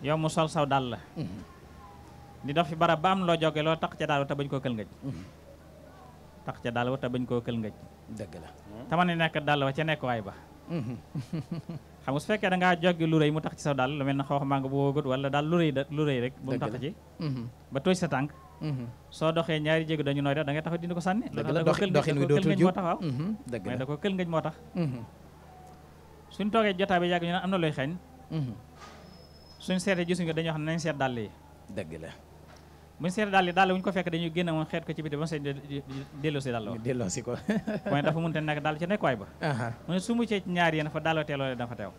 yow mu sol saw dàll di dox fi barab ba am loo joge loo tax ca daal te bañ koo kël ngëj tax tama ne nekk dàll wa ca nekk waay ba xam nga su fekkee da ngaa joggi lu rëy mu tax ci saw dàll lu mel na xoox maa nga bu wóogut wala daal lu rëy da lu rëy rek bu mu tax ci mhm. ba tóoj sa tànk mhm. soo doxee ñaari jéego dañu nooy def da ngay tax dindi ko sànni loolu tax da ko mhm. kël ngëj moo tax waaw mais da ko kël suñ toogee jotaay bi yàgg ñu naan am na looy xeeñ mhm. suñ seetee gisuñ ko dañuy wax ne nañ seet dàll yi dëgg la buñ seet dàll yi dàll wuñ ko fekk dañuy génn moom xeet ko ci biti ba mu seet delloosi dàll wa delloosi ko mooy dafa mënta nekk dàll ci nekkuwaay ba mu ne su mu cee ñaar yéen fa dàlloo teeloolee dafa teew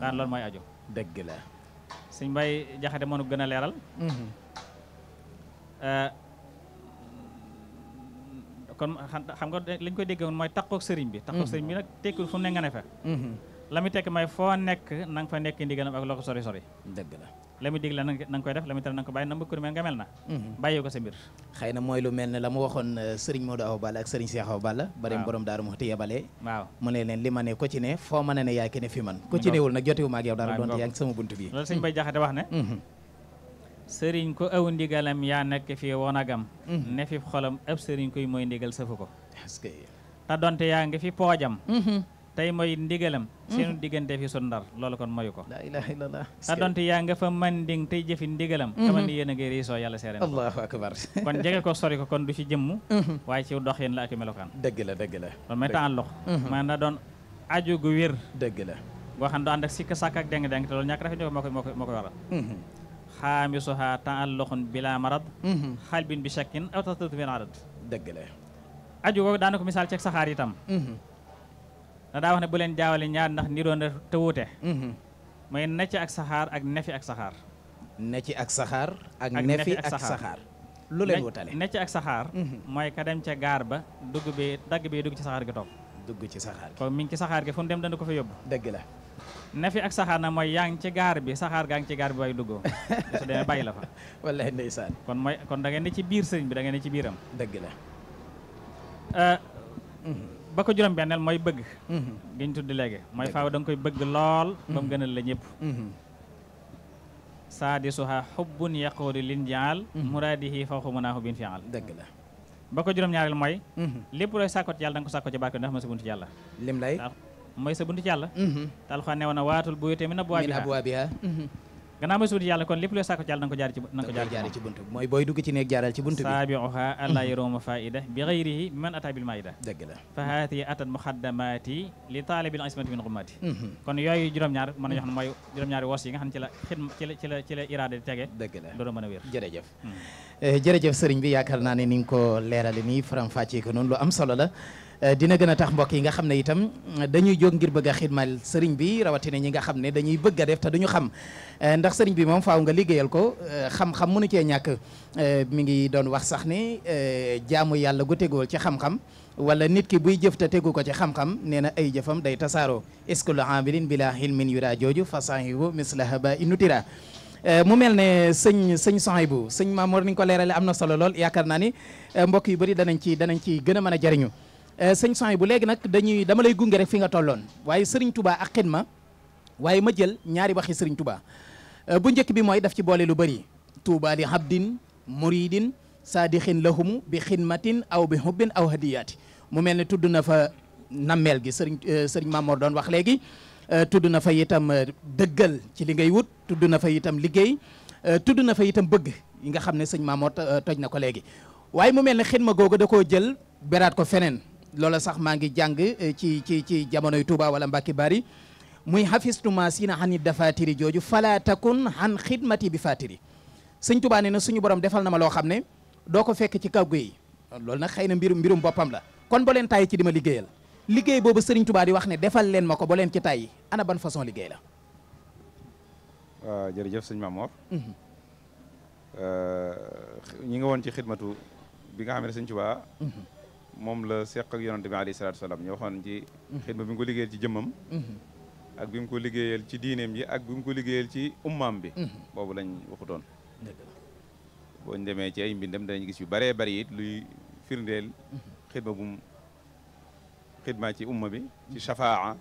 daan loolu mooy aju dëgg la suñ mbay jaxate mënu gën a leeral mhm. euh, kon xam nga lañ koy déggoon mooy takkook sëriñ bi takkook sëriñ bi mhm. nag tekkul fu ne nga ne fa mhm. la muy tekk mooy foo nekk na nga fa nekk ndigalam ak loo ko sori sori dëgg la la muy koy def la muy tere ko bàyyi na mbëkkuri mel nga mel na mhm. bàyyi ko sa mbir xëy na mooy lu mel ne la mu waxoon euh, sëriñ Modou Awa Balla ak sëriñ Cheikh Awa Balla bari borom daaru Muxti yebalee waaw mu ne leen li ma ne ko ci ne foo mën a ne yaa ki ne fi man ko ci newul nag jotewu ma ak yow dara doonte yaa ngi sama bunt bi sëriñ ko aw ndigalam yaa nekk fi wonagam mhm. ne fi xolam ab sëriñ koy mooy ndigal sëfu ko te donte yaa ngi fi poojam mhm. tey mooy ndigalam mhm. seenu diggante fi su ndar loolu kon moyu ko la ilaha illallah te donte yaa nga fa manding tey jëfi ndigalam xamal ni yéen a ngay riisoo yàlla seere allahu akbar kon jege ko sori ko kon du ci jëmm waaye ci doxin la ak melokaan dëgg la dëgg la loolu may taalux man na doon aju gu wér dëgg la goo du ànd ak sàkk ak deng deng te loolu xaamisuha taalluqun bila marad mhm. xalbin bi shakkin aw tatatubin arad dëgg la aju googu daana ko misaal ci saxaar itam da mhm. daa wax ne bu leen jaawale ñaar ndax niroo na te wuute mhm. mooy necc ak saxaar ak nefi ak saxaar ne ci ak saxaar ak nefi ak saxaar lu leen wutale necc ak saxaar mooy ka dem ca gaar ba dugg bi dagg bii dugg ci saxaar gi toog dugg ci saxaar gi kon ci saxaar gi fu mu dem dana ko fa yóbbu dëgg la ne fi ak saxaar na mooy yaa ngi ci gaar bi saxaar gaa ngi ci gaar bi waaye duggoo su demee bàyyi la fa wallahi ndeysaan kon mooy kon da ngeen ci biir sëriñ bi da ngeen ne ci biiram dëgg la euh, mhm. ba ko juróom benneel mooy bëgg mhm. gi ñu tudd léegi mooy faaw da nga koy bëgg lool ba mu mhm. gënal la ñëpp saadisuha xubbun yaquudu lin jaal muraadihi fawxu munaahu bin fial dëgg la ba ko juróom ñaareel mooy lépp looy sàkko ci yàlla da nga ko sàkko ci barke ndax yàlla mooy sa buntu ci yàlla mm-hmm. te alxuraan newoon na a buyuuta min abwaabihaa mm-hmm. Mm-hmm. gannaaw mooy sa buntu ci yàlla kon lépp loo sàkku ci yàlla na nga ko jaar ci na nga ko jaar ci buntu bi mooy booy dugg ci néeg jaaral ci buntu bi saabiuha allaa yaruma faida bi gayrihi man ata bil maida dëgg la fa haati atat muxaddamaati li taalibil ismati min xumaati kon yooyu juróom-ñaar mooy juróom-ñaar wos nga xam ci la xidma di tege dëgg la loolu mën a wér jërëjëf mm. eh, jërëjëf sëriñ bi yaakaar Euh, dina gën a tax mbokk yi nga xam ne itam euh, dañuy jóg ngir bëgg a xidmal sëriñ bi rawatina ñi nga xam ne dañuy bëgg a def te xam euh, ndax sëriñ bi moom faaw nga liggéeyal ko xam-xam nu cee ñàkk mi ngi doon wax sax ni jaamu yàlla gu tegool ci xam-xam wala nit ki buy jëf te tegu ko ci xam-xam nee na ay jëfam day tasaaroo est-ce que lu amilin bila hilmin yura jooju fasahibu la haba inutira mu mel ne sëñ sëñ Sohaybou sëñ Mamour ni nga ko leerale am na solo lool yaakaar naa ni mbokk yu bëri danañ ci danañ ci gën a mën a jariñu Eh, sëñ son yi bu léegi nag dañuy dama lay gunge rek fi nga tolloon waaye sëriñ tubaa ak xidma waaye ma jël ñaari waxi sëriñ tubaa eh, bu njëkk bi mooy def ci boole lu bari tuubaa li habdin muridin saadixin lahumu bi xidmatin aw bi hubbin aw hadiyaati mu mel ne tudd na fa nammeel gi sëriñ eh, sëriñ Mamoor doon wax léegi tudd na fa itam dëggal ci li ngay wut tudd na fa itam liggéey tudd na fa itam bëgg yi nga xam ne sëñ Mamoor toj na ko léegi waaye mu mel ne xidma googu da koo jël beraat ko feneen loola sax maa ngi jàng eh, ci ci ci jamonoy Touba wala Mbacke Bari muy xafistuma si na xanit dafatiri jooju fala takun xan xidmati bi fatiri sëñ tubaane na suñu borom defal na ma loo xam ne doo ko fekk ci kaw yi loolu nag xëy na mbirum mbirum boppam la kon boo leen taay ci di ma liggéeyal liggéey boobu sëriñ Touba di wax ne defal leen ma ko boo leen ci tàyyi ana ban façon liggéey la waaw ah, jërëjëf mhm. euh, ci xidmatu xam ne moom la seq ak yonante bi alayhi salaatu salaam ñu waxoon ci xidma bi mu ko liggéeyal ci jëmmam mm-hmm. ak bi ko liggéeyal ci diineem ji ak bi mu ko liggéeyal ci ummaam bi mm-hmm. boobu lañ waxutoon boo ñu demee ci ay mbindam danañ gis yu baree bari it luy firndeel mm-hmm. xidma bu xidma ci umma bi ci shafaa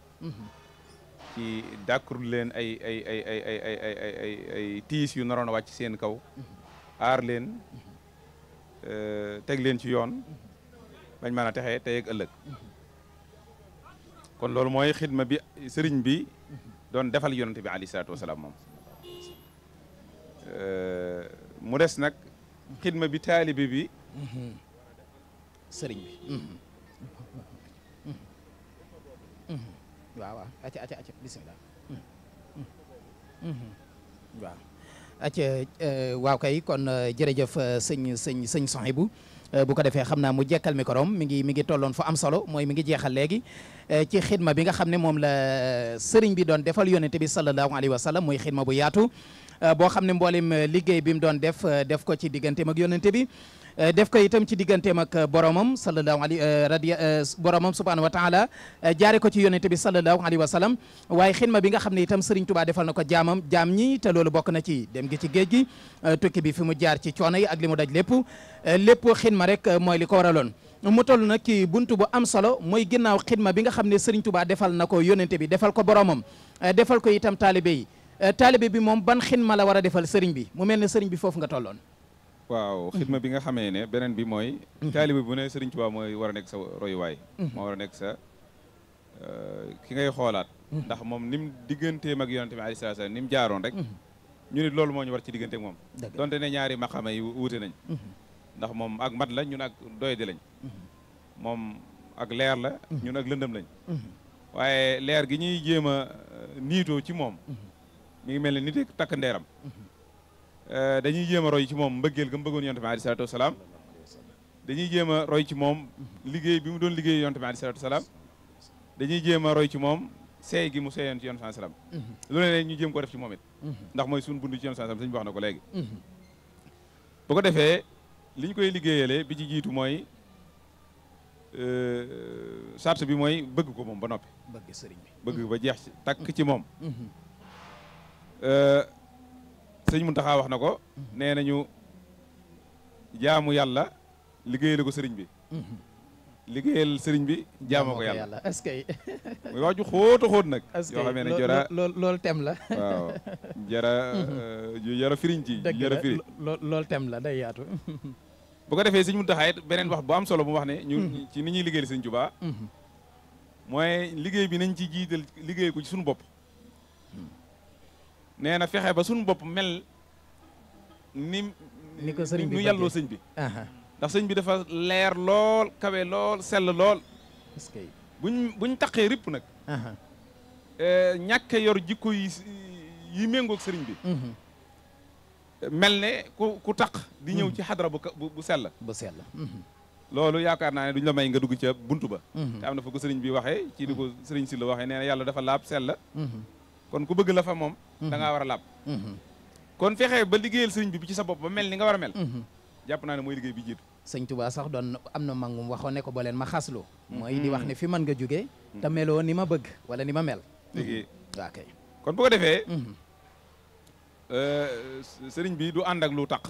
ci dàkkur leen ay ay tiis yu naroon a wàcc seen kaw aar leen euh, teg leen ci yoon bañ mën a texee tey ak ëllëg mm-hmm. kon loolu mooy xidma bi sëriñ bi doon defal yonante bi alayhi salaatu wasalaam moom euh, mu des nag xidma bi taalibe bi mm-hmm. sëriñ bi mm-hmm. waaw waaw acca acca acca bismillah waaw acca euh, waaw kay kon euh, jërëjëf sëñ sëñ sëñ Sohibou Euh, bu ko defee xam naa mu jekkal mikorom mi ngi mi ngi tolloon fu am solo mooy mi ngi jeexal léegi euh, ci xidma bi nga xam ne moom la euh, sëriñ bi doon defal yonente bi sallallahu alayhi wa sallam muy xidma bu yaatu boo xam ne mboolem liggéey bi mu doon def def ko ci digganteem ak yonente bi Eh, def ko itam ci digganteem ak eh, boromam sallallahu alayhi eh, radi boromam subhanahu wa taala jaare ko ci yonente bi sallallahu alayhi wa sallam waaye xidma bi nga xam ne itam Serigne Touba defal na ko jaamam jaam ñi te loolu bokk na ci dem gi ci géej gi tukki bi fi mu jaar ci coono yi ak li mu daj lépp lépp xidma rek mooy li ko waraloon mu toll nag ci buntu bu am solo mooy ginnaaw xidma bi nga xam ne Serigne Touba defal na ko yonente bi defal ko boromam defal ko itam taalibe yi taalibe bi moom ban xidma la war a defal sëriñ bi mu mel ne sëriñ bi foofu nga tolloon waaw xidma bi nga xamee ne beneen bi mooy mhm. taalibe bu ne Sëriñ Tuubaa mooy war a nekk sa royuwaay mhm. moo war a nekk sa euh, ki ngay xoolaat mhm. ndax moom ni mu digganteem ak yonente bi alayhi ni mu jaaroon rek ñu nit loolu moo ñu war ci diggante ak moom donte ne ñaari maqama yi wuute nañ ndax moom ak mat la ñun ak doyadi lañ moom ak leer la ñun ak lëndam lañ waaye leer gi ñuy jéem a euh, niitoo ci moom mi ngi mel ne nit ak takk ndeeram Euh, dañuy jéem a roy ci moom mbëggeel ga mu bëggoon yonte bi dañuy jéem a roy ci moom liggéey bi mu doon liggéey yonte bi aleyhi dañuy jéem a roy ci moom seey gi mu seeyoon ci yonte bi salaam mhm. lu ne ñu jéem ko def ci moom it mhm. ndax mooy suñu bund ci yonte bi salaam sëñ wax na ko léegi mhm. bu ko defee liñ koy liggéeyale bi ci jiitu mooy sart euh, bi mooy bëgg ko moom ba noppi bëgg sëriñ bëgg ba jeex ci takk ci moom euh, sëñ Muntaxa wax na ko nee nañu jaamu yàlla liggéeyal ko sëriñ bi mm-hmm. liggéeyal sëriñ bi jaamoo ko yàlla est-ce que muy wax ju xóota xóot nag yoo xamee ne jara loolu tem la jara mm-hmm. euh, jara firiñ ci jara firi lool tem la day yaatu bu ko defee sëñ Muntaxa it beneen wax bu am solo bu wax ne ñu mm-hmm. ci ni ñuy liggéeyal sëñ baa mooy liggéey bi nañ ci jiital liggéey ko ci sunu bopp nee na fexe ba suñu bopp mel ni. ko sëñ bi nu yàlloo sëñ bi. ndax sëñ bi dafa leer lool kawe lool sell lool. est-ce que buñ taqee ripp nag. Eh, ñàkk yor jikko yi yi méngoog sëriñ bi. Mhm. mel ne ku ku taq. di ñëw mhm. ci xadra bu bu sell. bu sell. Mhm. loolu yaakaar naa ne duñ la may nga dugg ca buntu ba. te am na fa ko sëriñ bi waxee. ci ni sëriñ si la waxee nee yàlla dafa laab sell. kon ku bëgg la fa moom mhm. da war a laab mhm. kon fexe ba liggéeyal sëriñ bi bi ci sa bopp ba mel ni nga war a mel mhm. jàpp naa ne mooy liggéey bi jiitu sëñ Tuba sax doon am na mangum waxoon ne ko boo leen ma xasloo mooy di wax ne fi man nga jógee te meloo ni ma bëgg wala ni ma mel léegi kon bu ko defee euh, sëriñ bi du ànd ak lu taq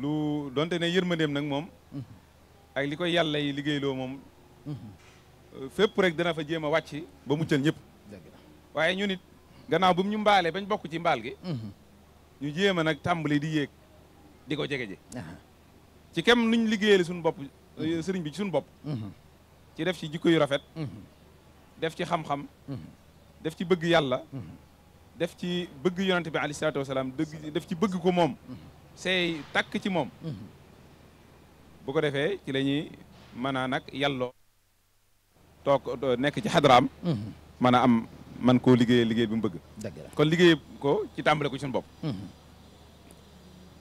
lu donte ne yërmandeem nag moom ak li koy yàlla yi liggéeyloo moom euh, fépp rek dana fa jéem a wàcc ba muccal ñëpp waaye ñunit nit gannaaw ñu mbaalee bañ bokk ci mbaal gi mhm. ñu jéem a nag tàmbali di yéeg di ko jege ji ci kem nuñ liggéeyale suñu bopp mhm. euh, sëriñ bi ci suñu bopp mhm. ci def ci jikko yu rafet def ci xam-xam def ci bëgg yàlla def ci bëgg yonante bi alayhi salaatu wasalaam def ci bëgg ko moom seey takk ci moom bu ko defee ci la ñuy mën nag yàlloo toog nekk ci xadraam mën am man koo liggéeyee liggéey bi mu bëgg. dëgg la kon liggéey ko ci tàmbale ko ci suñu bopp. Mhm.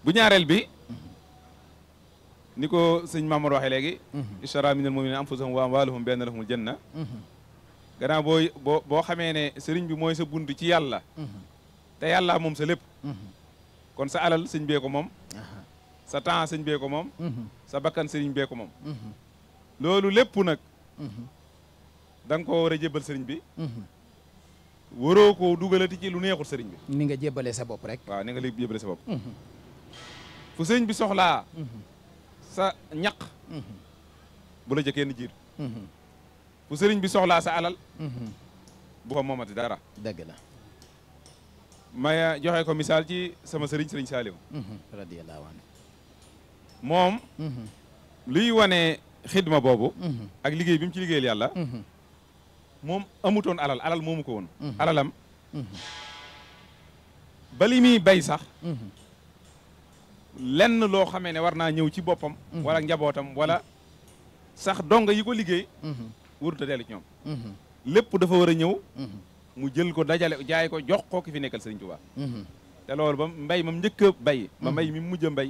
bu ñaareel bi. Mhm. ni ko sëñ Mamour waxee léegi. Mhm. ishtara minal mu'minina anfusahum wa amwaalahum bi anna lahumul janna. gannaaw boo boo boo xamee ne sëriñ bi mooy sa bunt ci yàlla. te yàlla moom sa lépp. kon sa alal sëñ bee ko moom. sa temps sëñ bee ko moom. sa bakkan sëriñ bee moom. loolu lépp nag. da nga koo war sëriñ bi. waroo koo dugalati ci lu neexul sëriñ bi. ni nga jébalee sa bopp rek. waaw ni nga léegi jébalee sa bopp. Mhm. fu sëriñ bi soxlaa. Mhm. sa ñaq. Mhm. bu la jëkkee kenn jiir. fu sëriñ bi soxlaa sa alal. bu ko moomati dara. dëgg la. maya joxe ko misaal ci sama sëriñ sëriñ Saliou. moom. luy wane xidma boobu. ak liggéey bi ci liggéeyal yàlla. moom amutoon alal alal moomu ko woon mhm. alalam mhm. bali muy bay sax mhm. lenn loo xamee ne war naa ñëw ci boppam walla njabootam walla sax donga yi ko liggéey warut a dellu ci ñoom lépp dafa war a ñëw mu jël ko dajale jaay ko jox ko ki fi nekkal Sëriñ Tuubaa te loolu ba mbay ma njëkk a bay ba mbay mi mujj a mbay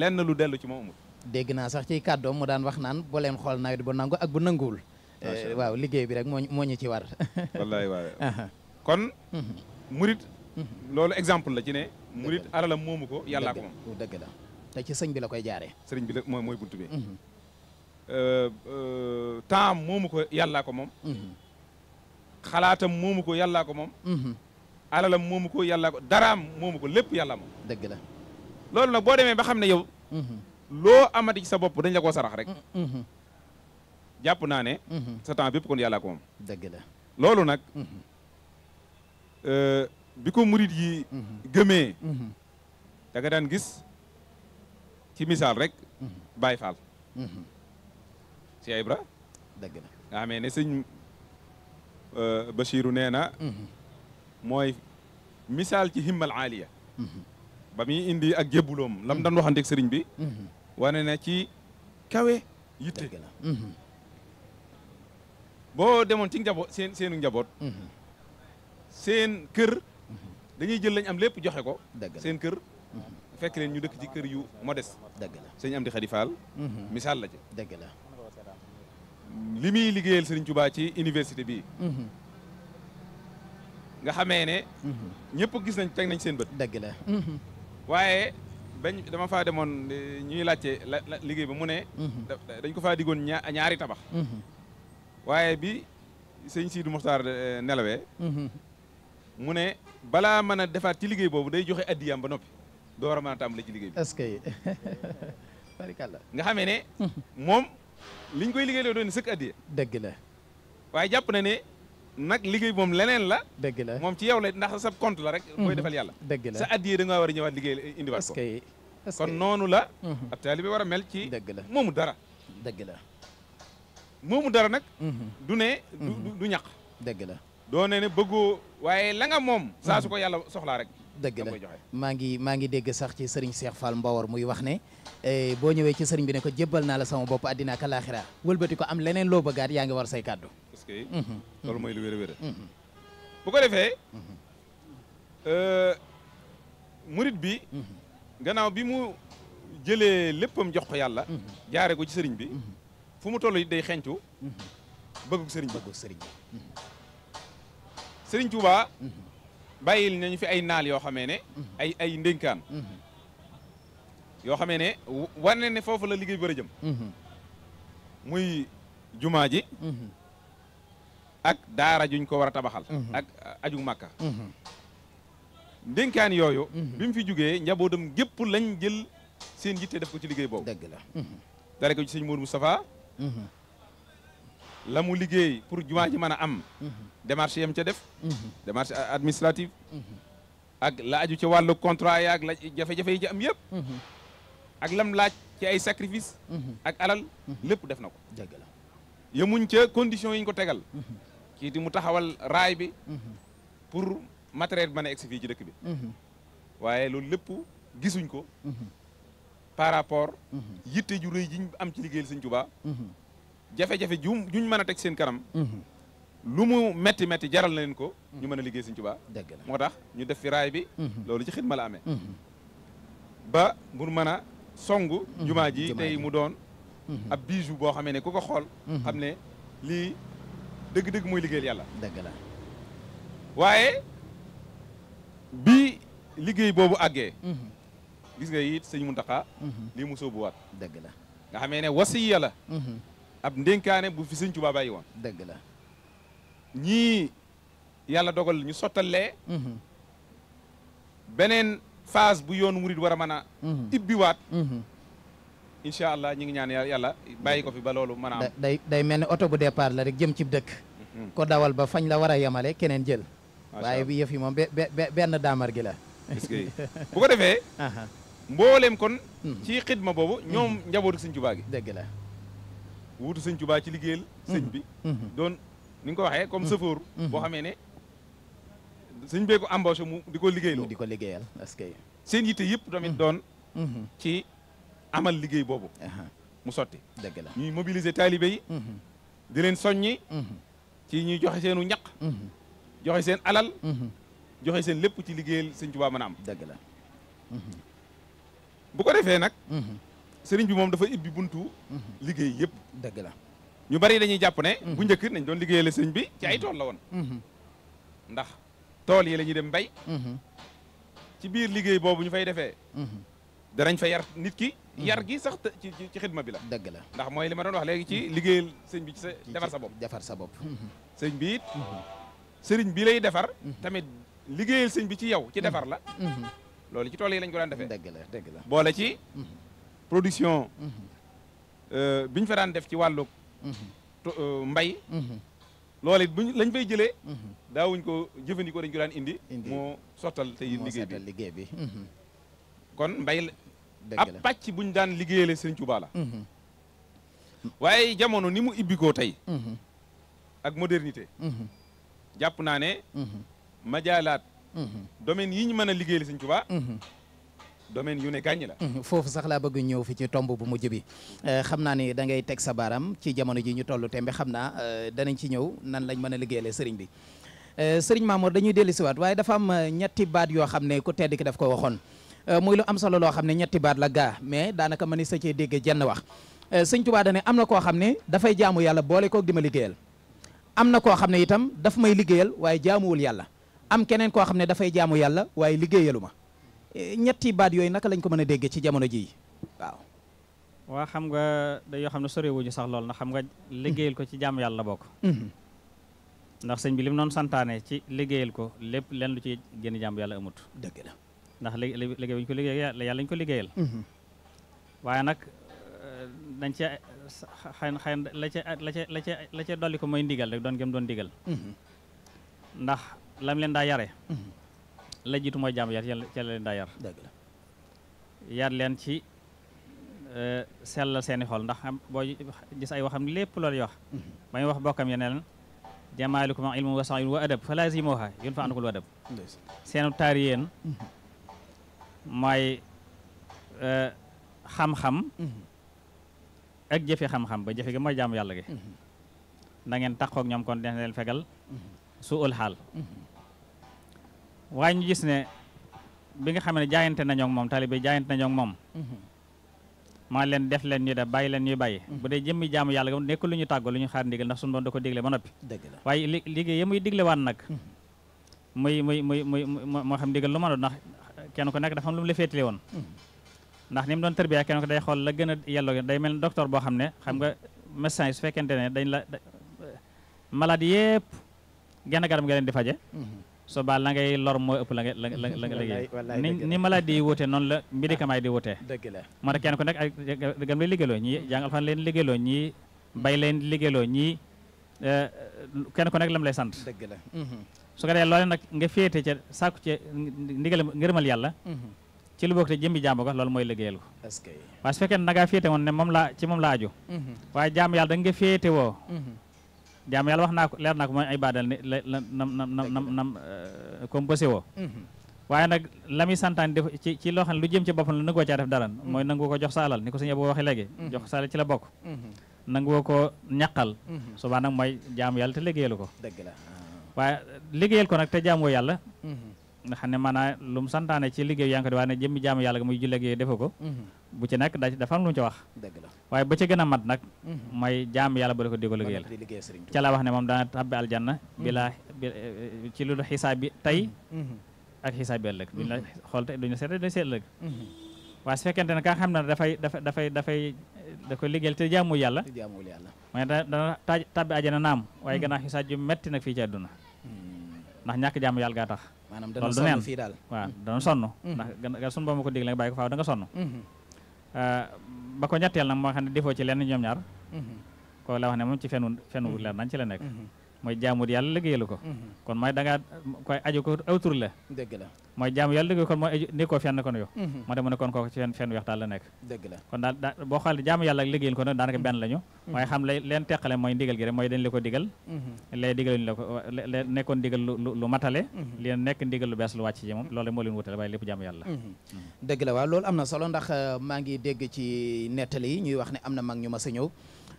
lenn lu dellu ci moom amul dégg naa sax ci kàddoom mu daan wax naan boo leen xool nawet bu nangu ak bu nanguwul Eh, waaw liggéey bi rek moo moo ñu ci war. wallaay waaw kon. Mhm. murit mhm. loolu exemple la ci ne. murit alalam moomu ko yàllaa moom. dëgg la te ci sëñ bi la koy jaaree. sëriñ bi la mooy mooy buntu bi. Mhm. Euh, euh, temps moomu ko yàllaa xalaatam moomu ko yàllaa ko moom. alalam moomu ko yàllaa ko daraam moomu ko lépp yàlla moom. dëgg la loolu nag boo demee ba xam ne yow. loo amati ci sa bopp dañ la koo sarax rek. jàpp naa ne. Mhm. sa temps bépp kon ko moom. dëgg la loolu nag. Mhm. Euh, bi ko murit yi mhm. gëmee. da daan gis ci misaal rek. Baay Faal. Cheikh Ibra. dëgg la nga xamee ne euh, na. mooy misaal ci himmal aaliya. ba muy indi ak jébbuloom lam daan waxanteeg sëriñ bi. wane na ci kawe yitte. boo demoon ci njaboot seen seenu njaboot. Mhm. seen kër. Mhm. dañuy jël lañ am lépp joxe ko. seen kër. Mhm. fekk leen ñu dëkk ci kër yu modeste. dëgg la sëñ Amdi Khady Fall. misaal la ci. dëgg la. li muy liggéeyal Serigne Touba ci université bi nga xamee ne. ñëpp gis nañ teg nañ seen bët. dëgg la. waaye bañ dama faa demoon eh, ñuy laajte la liggéey ba mu ne. dañ ko faa diggoon ñaari tabax. waaye bi sëñ Sidi Muxtaar eh, nelawee mhm. mu ne balaa mën a defaat ci liggéey boobu day joxe addiyaam ba noppi door a mën a tàmbali ci liggéey bi. est-ce nga xamee ne mhm. moom liñ koy liggéey doon sëkk addiya dëgg la waaye jàpp na ne nag liggéey moom leneen la dëgg la moom ci yow la ndax sa compte la rek koy mhm. defal yàlla dëgg la sa addiya da ngaa war a ñëwaat liggéey eh, indiwaat noonu la ab taalibe war a mel ci dëgg la moomu dara dëgg la moomu dara nag. Mhm. du ne du mhm. ñaq. dëgg la doo ne ne bëggoo waaye la nga moom. saa su ko mhm. yàlla soxlaa rek. dëgg la maa ngi maa ngi dégg sax ci sëriñ Cheikh Fall Mbawar muy wax ne eh, boo ñëwee ci sëriñ bi ne ko jébbal naa la sama bopp àddina ak alaaxira wëlbati ko am leneen loo bëggaat yaa ngi war say kàddu. parce que loolu mooy lu wér a wér ko defee euh, murit bi. gannaaw bi mu jëlee léppam jox ko yàlla. jaare ko ci sëriñ bi. fu mu toll it day xencu bëggu sëriñ bëggu sëriñ sëriñ Touba mm-hmm. bàyyil nañu fi ay naal yoo xamee ne mm-hmm. ay ay ndénkaan mm-hmm. yoo xamee ne wane ne foofu la liggéey bëri jëm muy jumaa ji ak daara juñ ko war a tabaxal ak uh, aju màkka ndénkaan yooyu bi mu fi jógee njabootam gépp lañ jël seen yitte def ko ci liggéey boobu dëgg dara ko ci sëñ Mourou Moustapha la mu liggéey pour jumaa ji mën a am démarche yam ca def démarche administrative ak la aju ca wàllu contrat yaag la jafe-jafe yi ci am yëpp ak lam laaj ci ay sacrifice ak alal lépp def na ko dëgg la yemuñ ca condition yi ko tegal kii di mu taxawal raay bi pour matériel bi mën a ci dëkk bi mhm. waaye loolu lépp gisuñ ko mhm. par rapport yitte ju ji jiñ am ci liggéeyal sëñ Tuubaa jafe-jafe ju ñu mën a teg seen kanam lu mu metti metti jaral na leen ko ñu mën a liggéey sëñ Tuubaa dëgg la moo tax ñu def fi raay bi mhm. loolu ci xidma la amee mhm. ba mu mën a song mhm. jumaa ji tey mu doon ab bijou boo xamee ne ku ko xool xam ne lii dëgg-dëgg mooy liggéeyal yàlla dëgg la waaye bi liggéey boobu àggee gis nga it sëñ Muntaxa mhm. lii mu sóobuwaat dëgg la nga xamee ne wasiya la mhm. ab ndénkaane bu fi sëñ Tuubaa bàyyi woon dëgg la ñii yàlla dogal ñu sottalee mhm. beneen phase bu yoonu murid war a mën a ibbiwaat incha allah ñu ngi ñaan yàlla bàyyi ko fi ba loolu mën am day day mel ni oto bu départ la rek jëm ci dëkk ko dawal ba fañ la war a yemale keneen jël waaye bi yëf yi moom benn daamar gi la bu ko defee mbooleem kon hmm. ci xidma boobu ñoom hmm. njabootu sëñ Tuubaa gi dëgg la wuutu sëñ Tuubaa ci liggéeyal hmm. sëñ bi doon ni nga ko waxee comme chauffeur boo xamee ne sëñ bee ko embauché mu di ko liggéeyaloo di ko liggéeyal parce que seen yitte yëpp tamit doon ci amal liggéey boobu uh-huh. mu sotti dëgg la ñuy mobiliser taalibe yi di leen soññi ci ñuy joxe seenu ñaq joxe seen alal joxe seen lépp ci liggéeyal sëñ Tuubaa mën a am la bu ko defee nag mhm. sëriñ bi moom dafa ibbi buntu mhm. liggéey yëpp dëgg la ñu bari dañuy jàpp ne mhm. bu njëkk nañ doon liggéeyale sëñ bi ci ay tool la woon ndax tool yi la dem mbay ci biir liggéey boobu ñu fay defee danañ fa yar nit ki yar gi sax ci ci xidma bi la dëgg la ndax mooy li doon wax léegi ci liggéeyal sëñ bi ci sa defar sa bopp defar sa bopp sëñ bi sëriñ bi lay defar tamit liggéeyal sëñ bi ci yow ci defar la loolu ci tool yi lañ ko daan defee. dëgg la dëgg la boole ci. Mm-hmm. production. Mm-hmm. Euh, bi ñu fa daan def ci wàllu mm-hmm. euh, mbay. loolu it buñ lañ fay jëlee. daawuñ ko jëfandikoo dañ ko daan indi. indi moo sottal tey liggéey bi kon mbay la. ab pàcc buñ daan liggéeyale sëñ Tuubaa la. waaye jamono ni mu ibbikoo tey. ak modernité. jàpp naa ne. majaalaat domaine yi ñu mën a liggéeyal Sëñ Tuubaa mhm. domaine yu ne gàññi la mhm. foofu sax laa bëgg ñëw fi ci tomb bu mujj bi eh, xam naa ni da ngay teg sa baaraam ci jamono ji ñu toll tembe xam naa eh, danañ ci ñëw nan lañ mën a liggéeyale sëriñ bi eh, sëriñ Mamour dañuy dellu siwaat waaye dafa am ñetti baat yoo xam ne ku tedd ki daf ko waxoon muy lu am solo loo xam ne ñetti baat la gaa mais daanaka mënees sa cee dégg jenn wax sëñ Tuubaa dane am na koo xam ne dafay jaamu yàlla boole koog di ma liggéeyal am na koo xam ne itam dafa may liggéeyal waaye jaamuwul yàlla am keneen koo xam ne dafay jaamu yàlla waaye liggéeyalu ma eh, ñetti baat yooyu naka lañ ko mën a déggee ci jamono jii waaw. waa xam nga da yoo xam ne sorewuñu sax lool na xam nga liggéeyal ko ci jaamu yàlla bokk. Mm-hmm. ndax sëñ bi li mu noonu santaane ci liggéeyal ko lépp lenn lu ci génn jaamu yàlla amut. dëgg la ndax liggéey bi ñu ko liggéeyal yàlla ñu ko liggéeyal. Mm-hmm. waaye nag eh, dañ ca xëy na xëy la ca la ca la ca dolli ko mooy ndigal rek doon gëm doon ndigal. Mm-hmm. ndax. lam leen daa yare mhm. la jiitu mooy jàmm yar ca la leen daa yar yar leen ci euh, sellal seeni xol ndax am boo gis ay waxam lépp loolu wax mhm. ba muy wax bokkam ya ne leen jamaalikum ilmu wa sa'yun wa adab falazimooha yun fa andukul wa adab seenu taar yéen mhm. mooy euh, xam-xam ak jëfe xam-xam ba jëfe gi mooy jaamu yàlla gi na ngeen taxoog ñoom kon dina fegal su ul xaal waaye ñu gis ne bi nga xam ne jaayante nañoo ak moom taalibe jaayante nañoo moom mm-hmm. maa leen def leen ñu da bàyyi leen ñuy bàyyi mm-hmm. bu dee jëmmi jaamu yàlla nekkul lu ñu tàggoo lu ñu xaar ndigal ndax suñu doon da ko digle ba noppi waaye li liggéey yi muy digle waan nag mm-hmm. muy muy muy muy moo xam ndigal lu ma doon ndax kenn ku nekk dafa am lu mu la féetale woon ndax ni mu doon tërbiya kenn ku day xool la gën a yelloo day mel ni docteur boo xam ne xam nga médecin su fekkente ne dañ la malade yëpp genn garab nga so baa la ngay lor mooy ëpp la ngay la la la ni ni maladie yi wute noonu la médicament yi di wutee dëgg la moo tax kenn ku nekk ay gam lay liggéeyloo ñii jàng alfaan leen liggéeyloo ñii bay leen liggéeyloo ñii eh, kenn ku nekk lam lay sant dëgg mm-hmm. loole nag nga féete ca sàkku ca ndigal ngërëmal yàlla mm-hmm. ci lu bokk te jëmbi jàmm ko loolu mooy liggéeyal ko waaye su fekkee ne nangaa féete woon ne moom laa ci moom laa aju mm-hmm. waaye jàmm yàlla da nga woo jaamu yàlla wax naa ko leer naa ko mooy ay baadal ni la nam nam nam nam euh, composé woo mhm. waaye nag la muy santaan def ci ci loo xam ne lu jëm ci boppam la nangu ko caa def dara mhm. mooy nangu ko jox sa alal ni ko suñu boo waxee léegi mhm. jox sa ci la bokk nangu ko ñaqal subaa mooy jaamu yàlla te liggéeyalu ko la ah. waaye liggéeyal ko nag te jaamoo yàlla nga xam ne maanaam lu mu santaane ci liggéey yaa ngi ko di waaye ne jëmmi jaamu yàlla ga muy julleeg ko mhm. bu ci nekk da dafa am lu mu ci wax waaye ba ci gën a mat nag mhm. mooy jaamu yalla ba da ko di ko liggéeyal ca la wax ne moom dana tàbbi aljanna mhm. bi laa ci lu xisaab bi tey ak xisaab bi ëllëg la xool tey duñu la seet duñu seet ëllëg waaye su fekkente ne ka xam ne dafay dafa dafay dafay da koy liggéeyal te jaamu yàlla mooy dana tàbbi ajana naam waaye gannaaw xisaab ju metti nag fii ci àdduna ndax ñàkk jaamu yàlla gaa tax maanaam dana sonn fii daal waaw mm-hmm. dana sonn mm-hmm. ndax ga sunu booma ko digle nga bàyyi ko faaw da nga sonn mm-hmm. uh, ba ko ñetteel nag moo xam ne defoo ci lenn ñoom ñaar koo la wax moom ci fenu leer nañ ci la mooy jaamur yàlla liggéeyalu ko mm-hmm. kon mooy da ngaa koy aju ko awtur la dëgg la mooy jaamu yàlla liggéey kon mooy aju nekkoo fenn kon yow mm-hmm. moo tax mu ne kon kooku ci fenn fenn weex daal la nekk dëgg la kon daal daa boo mm-hmm. benn la ñu xam leen teqale mooy ndigal gi rek mooy dañ la ko digal lay digaluñu la ko lee nekkoon digal lu matale li nekk ndigal lu bees lu wàcc ci moom loolu moo leen wutale waaye lépp jaamu yàlla dëgg la waaw loolu am na solo ndax euh, maa ngi dégg ci nettali yi ñuy wax ne am na mag ñu ma sa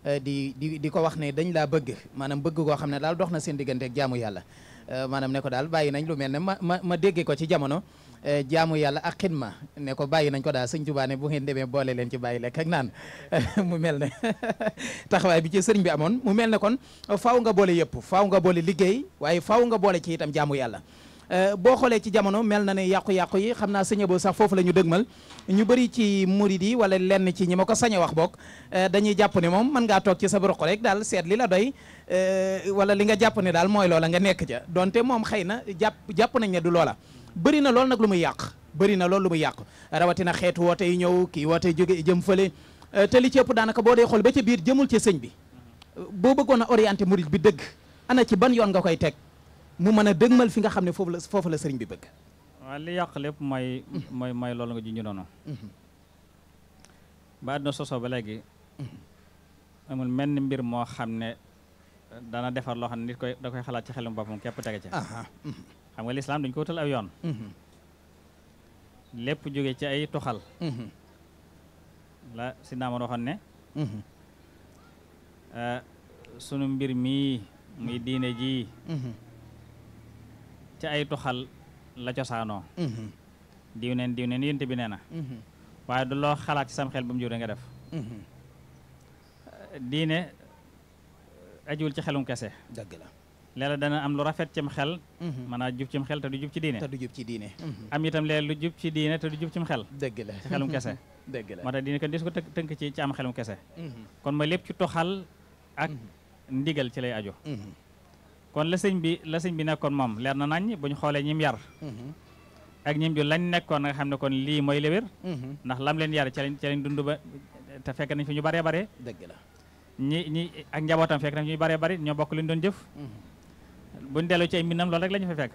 Euh, di di di ko wax ne dañ laa bëgg maanaam bëgg koo xam ne daal dox na seen digganteek ak jaamu yàlla euh, maanaam ne ko daal bàyyi nañ lu mel ne ma ma ma déggee ko ci jamono euh, jaamu yàlla ak xidma ne ko bàyyi nañ ko daal sëñ Tuubaa ne bu ngeen demee boole leen ci bàyyi lekk ak naan mu mel ne taxawaay bi ci sëriñ bi amoon mu mel ne kon faaw nga boole yëpp faaw nga boole liggéey waaye faaw nga boole ci itam jaamu yàlla Euh, boo xoolee ci jamono mel na ne yàqu-yàqu yi xam naa sëñ Abo sax foofu la ñu mal ñu bëri ci murid yi wala lenn ci ñi ma ko sañ wax bokk euh, dañuy jàpp ne moom mën ngaa toog ci sa broq rek daal seet li la doy euh, wala li nga jàpp ne daal mooy loola nga nekk ca donte moom xëy na jàpp jàpp nañ ne du loola bëri na lool nag lu muy yàq bëri na lool lu muy yàq rawatina xeetu woote ñëw kii woote jóge jëm fële te li ci ëpp daanaka boo dee xool ba ca biir jëmul ci sëñ bi boo bëggoon a orienté murid bi dëgg ana ci ban yoon nga koy teg mu mën a dëgmal fi nga xam ne foofu la foofu la sëriñ bi bëgg waaw li yàq lépp mooy mooy mooy loolu nga ji ñu noonu ba àdduna sosoo ba léegi amul mel mbir moo xam ne dana defar loo xam ne nit koy da koy xalaat ci xelum boppam képp tege ci xam nga lislaam dañu ko wutal ay toxal si naa waxoon ne mhm. ah, sunu mbir mii muy diine jii mhm. ci ay tuxal la cosaanoo mm-hmm. diw neen diw neen yénte bi nee na mm-hmm. waaye du loo xalaat ci sam xel ba mu jure nga def mm-hmm. diine ajuwul ci xelum kese dëgg la léeg-léeg dana am lu rafet cim xel mën a jub cim xel te du jub ci diine te ci diine am itam léeg lu jub ci diine te du jub cim xel dëgg la ci diine kon des ko tënk ci ci am xelum kese kon ma lépp ci toxal ak ndigal ci lay aju kon la bi la bi bi kon moom leer na nañ bu ñu xoolee ñim yar mhm. ak ñim ju lañ nekkoon nga xam ne kon lii mooy léwér mhm. ndax lam leen yar ca lañ ca ba te fekk nañ fi ñu baree bare dëgg la ñi ñi ak njabootam fekk nañ fi ñu baree bare ñoo bokk luñ doon jëf mhm. buñ delloo ci ay mbindam loolu rek la ñu fa fekk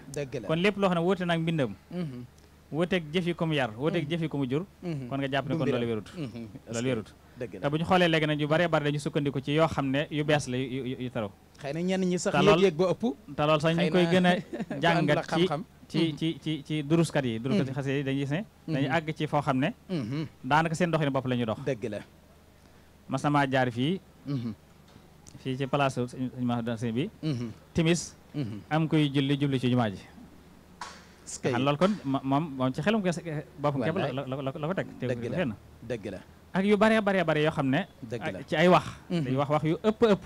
kon lépp loo xam ne wuute nag mbindam wuteeg jëfi ko mu yar wuteeg mm-hmm. jëfi ko mu jur mm-hmm. kon nga jàpp ne kon loolu wérut mm-hmm. loolu wérut te bu ñu xoolee léegi nag yu baree bari dañu sukkandiku ci yoo xam ne yu bees la yu taraw xëy na ñenn ñi sax yëg-yëg ba ñu koy gën a jàngat ci ci ci ci ci duruskat yi duruskat yi xase yi dañuy gis ne àgg ci foo xam ne daanaka seen doxin bopp la ñuy dox dëgg la mas na maa jaar fii fii ci place sëñ ma sëñ bi timis am koy julli jubli ci jumaa ji ndax loolu kon moom moom ci xelum kese boppam képp la la ko teg dëgg la dëgg la ak yu bare bare bare yoo xam ne ah, ci ay wax mhm. day wax wax yu ëpp ëpp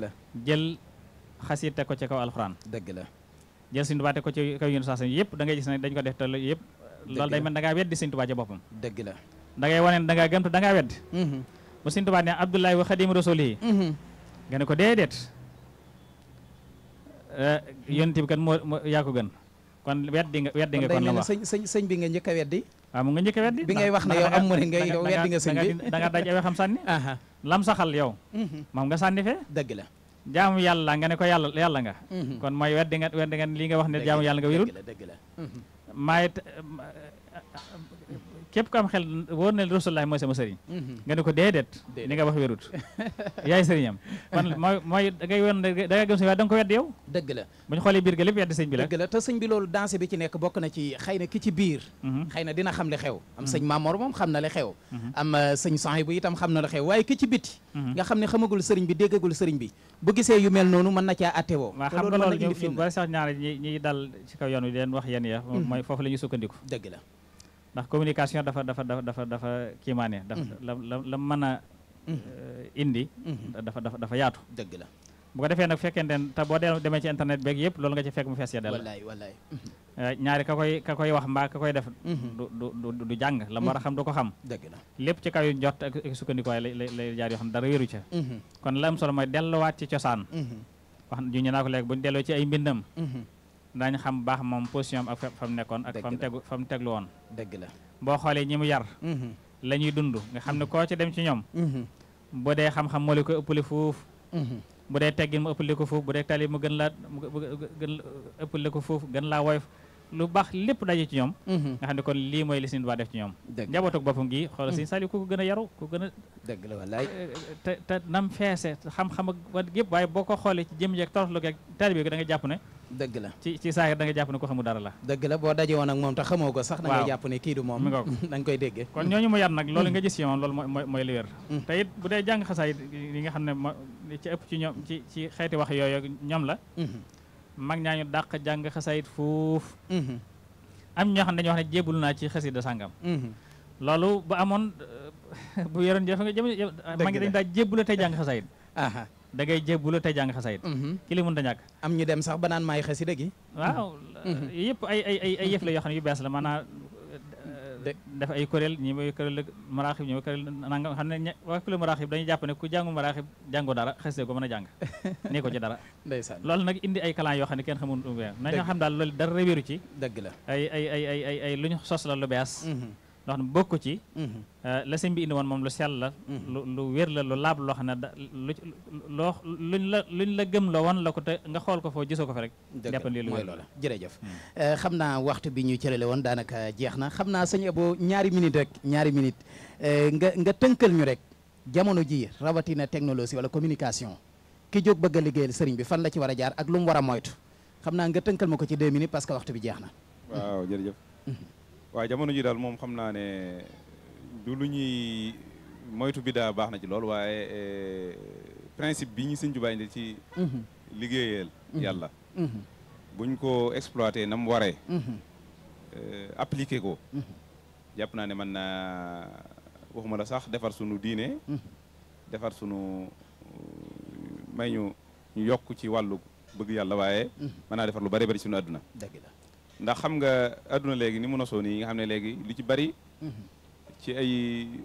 la jël xasiir teg ko ci kaw alxuraan la jël Sëñ Tuubaa teg ko ci kaw yun saas yëpp da ngay gis ne dañ ko def te yëpp day mel da ngaa weddi Sëñ Tuubaa ci boppam dëgg la da ngay wane ne da ngaa da ngaa weddi mhm. bu Sëñ Tuubaa ne Abdullahi wa Xaadimu Rasuuli mhm. nga a ko déedéet eh, yonent bi kan moo yaa ko gën kon weddi nga weddi nga kon la wax sëñ sëñ sëñ bi nga njëkk a weddi waaw ah, mu nga njëkk a weddi bi da nga daj awee xam sànni lam saxal yow mhm. moom nga sànni fee dëgg la jaamu yàlla nga ne ko yàlla nga mhm. kon mooy weddi nga nga wax ne jaamu yàlla nga wérul képp ko am xel wóor na rasulullahi mooy sama sëriñ mhm. nga ne ko déedéet li nga wax wérut yaay sëriñam mooy mooy da ngay won da ngay gëm sëñ waaye da nga ko wedd yow dëgg la bu ñu xoolee sëñ bi loolu dansé bi ci nekk bokk na ci xëy na ki ci biir mhm. xëy na dina xam li xew am sëñ mhm. Mamor moom xam na li xew am euh, sëñ Sahibu itam xam na li xew waaye ki ci biti nga xam ne xamagul sëriñ bi déggagul sëriñ bi bu gisee yu mel noonu mën na caa atte woo waaw xam nga loolu ñu bari sax ñaar ñi dal ci kaw yoon wi leen wax la ndax communication dafa dafa dafa dafa kiimaane dafa mm-hmm. la la a mm-hmm. eh, indi mm-hmm. dafa dafa dafa yaatu dëgg la bu ko defee nag fekkente ne te boo demee ci internet beeg yëpp loolu nga ci fekk mu fees ya del wallaay eh, ñaari ka koy ka koy wax mbaa ka koy def du du du jàng la mu war a xam du ko xam dëgg la lépp ci kaw yu ak sukkandikuwaay lay jaar yoo xam dara wéru ca kon la am solo mooy delluwaat ci cosaan wax naa ko léegi bu delloo ci ay mbindam daañu xam baax moom position am ak fa mu nekkoon ak fa mu tegu fa mu teglu woon dëgg la boo xoolee ñi mu yar mm-hmm. la ñuy dund nga xam ne mm-hmm. koo ci dem ci ñoom mm-hmm. bu dee xam-xam moo la koy ëppale fuuf bu gën laa gën lu baax lépp daje ci ñoom nga xam ne kon lii mooy li sin waa def ci ñoom njabootuk boppam gi xoolal sin sali ku ko gën a yaru ku gën a dëgg eh, nam feese xam-xam ak wa waaye boo ko xoolee ci jëm jeeg toroxlu geeg taalibe gi da ne dëgg la ci ci saahir da nga jàpp ne ko xamul dara la dëgg la boo daje woon ak moom te xamoo ko sax da nga jàpp ne kii du moom da nga koy déggee kon ñooñu mu yar nag loolu mm. nga gis ci moom loolu li wér mm. te bu dee ne ci ëpp ci ñoom ci ci xeeti yooyu ñoom la mm-hmm. mag ñaañu dàq jàng xasaayit fuuf mm-hmm. am ñoo xam ne dañuy wax ne jébul naa ci xasida sàngam mm-hmm. loolu bu amoon bu yoroon jafe nga jëm ma ngi dañ daa jébula tey jàng xasaayit da ngay la te jàng xasaayit mhm. ki li mënta ñàkk am ñu dem sax ba naan maay xasida gi waaw mhm. yëpp ay ay ay ay yëf la yoo xam ne yu bees la maanaam euh, def ay kuréel ñi mooy kuréel maraaxib ñi mooy kuréel nangam xam ne waa kuréel maraaxib jàpp ne ku jàngu maraaxib jàngoo dara xasida ko mën a jàng nee ko ci dara ndeysaan loolu nag indi ay kalaan yoo xam ne kenn xamul nañu xam daal loolu dara wéru ci dëgg la ay ay ay ay ay lu ñu sos la lu bees mhm. loo xam ne bokku ci mm-hmm. euh, la sëñ bi indi woon moom lu sell la mm-hmm. lu la lu loo xam ne da lu la luñ la gëm la woon la ko te nga xool ko foo gisoo ko fi rek jàppan lii lu mooy loola jërëjëf mm. euh, xam naa waxtu bi ñu cërale woon daanaka jeex na xam naa sëñ Abo ñaari minute rek ñaari minute euh, nga nga tënkal ñu rek jamono ji rawatina technologie wala communication ki jóg bëgg a sëriñ bi fan la ci war a jaar ak lu mu war a moytu xam naa nga tënkal ma ko ci deux minutes parce que waxtu bi jeex na waaye jamono ji daal moom xam naa ne du lu ñuy moytu daa baax na ci lool waaye eh, principe bi ñu sëñ Tuubaa indi ci mhm. liggéeyal mhm. yàlla mhm. buñ ko exploité na mu waree eh, appliqué ko jàpp naa ne mën naa waxuma la sax defar sunu diine defar sunu may ñu ñu yokk ci wàllu bëgg yàlla waaye mën naa defar lu bari bari sunu àdduna dëgg ndax xam nga àdduna léegi ni mu nosoo yi nga xam ne léegi lu ci bari ci ay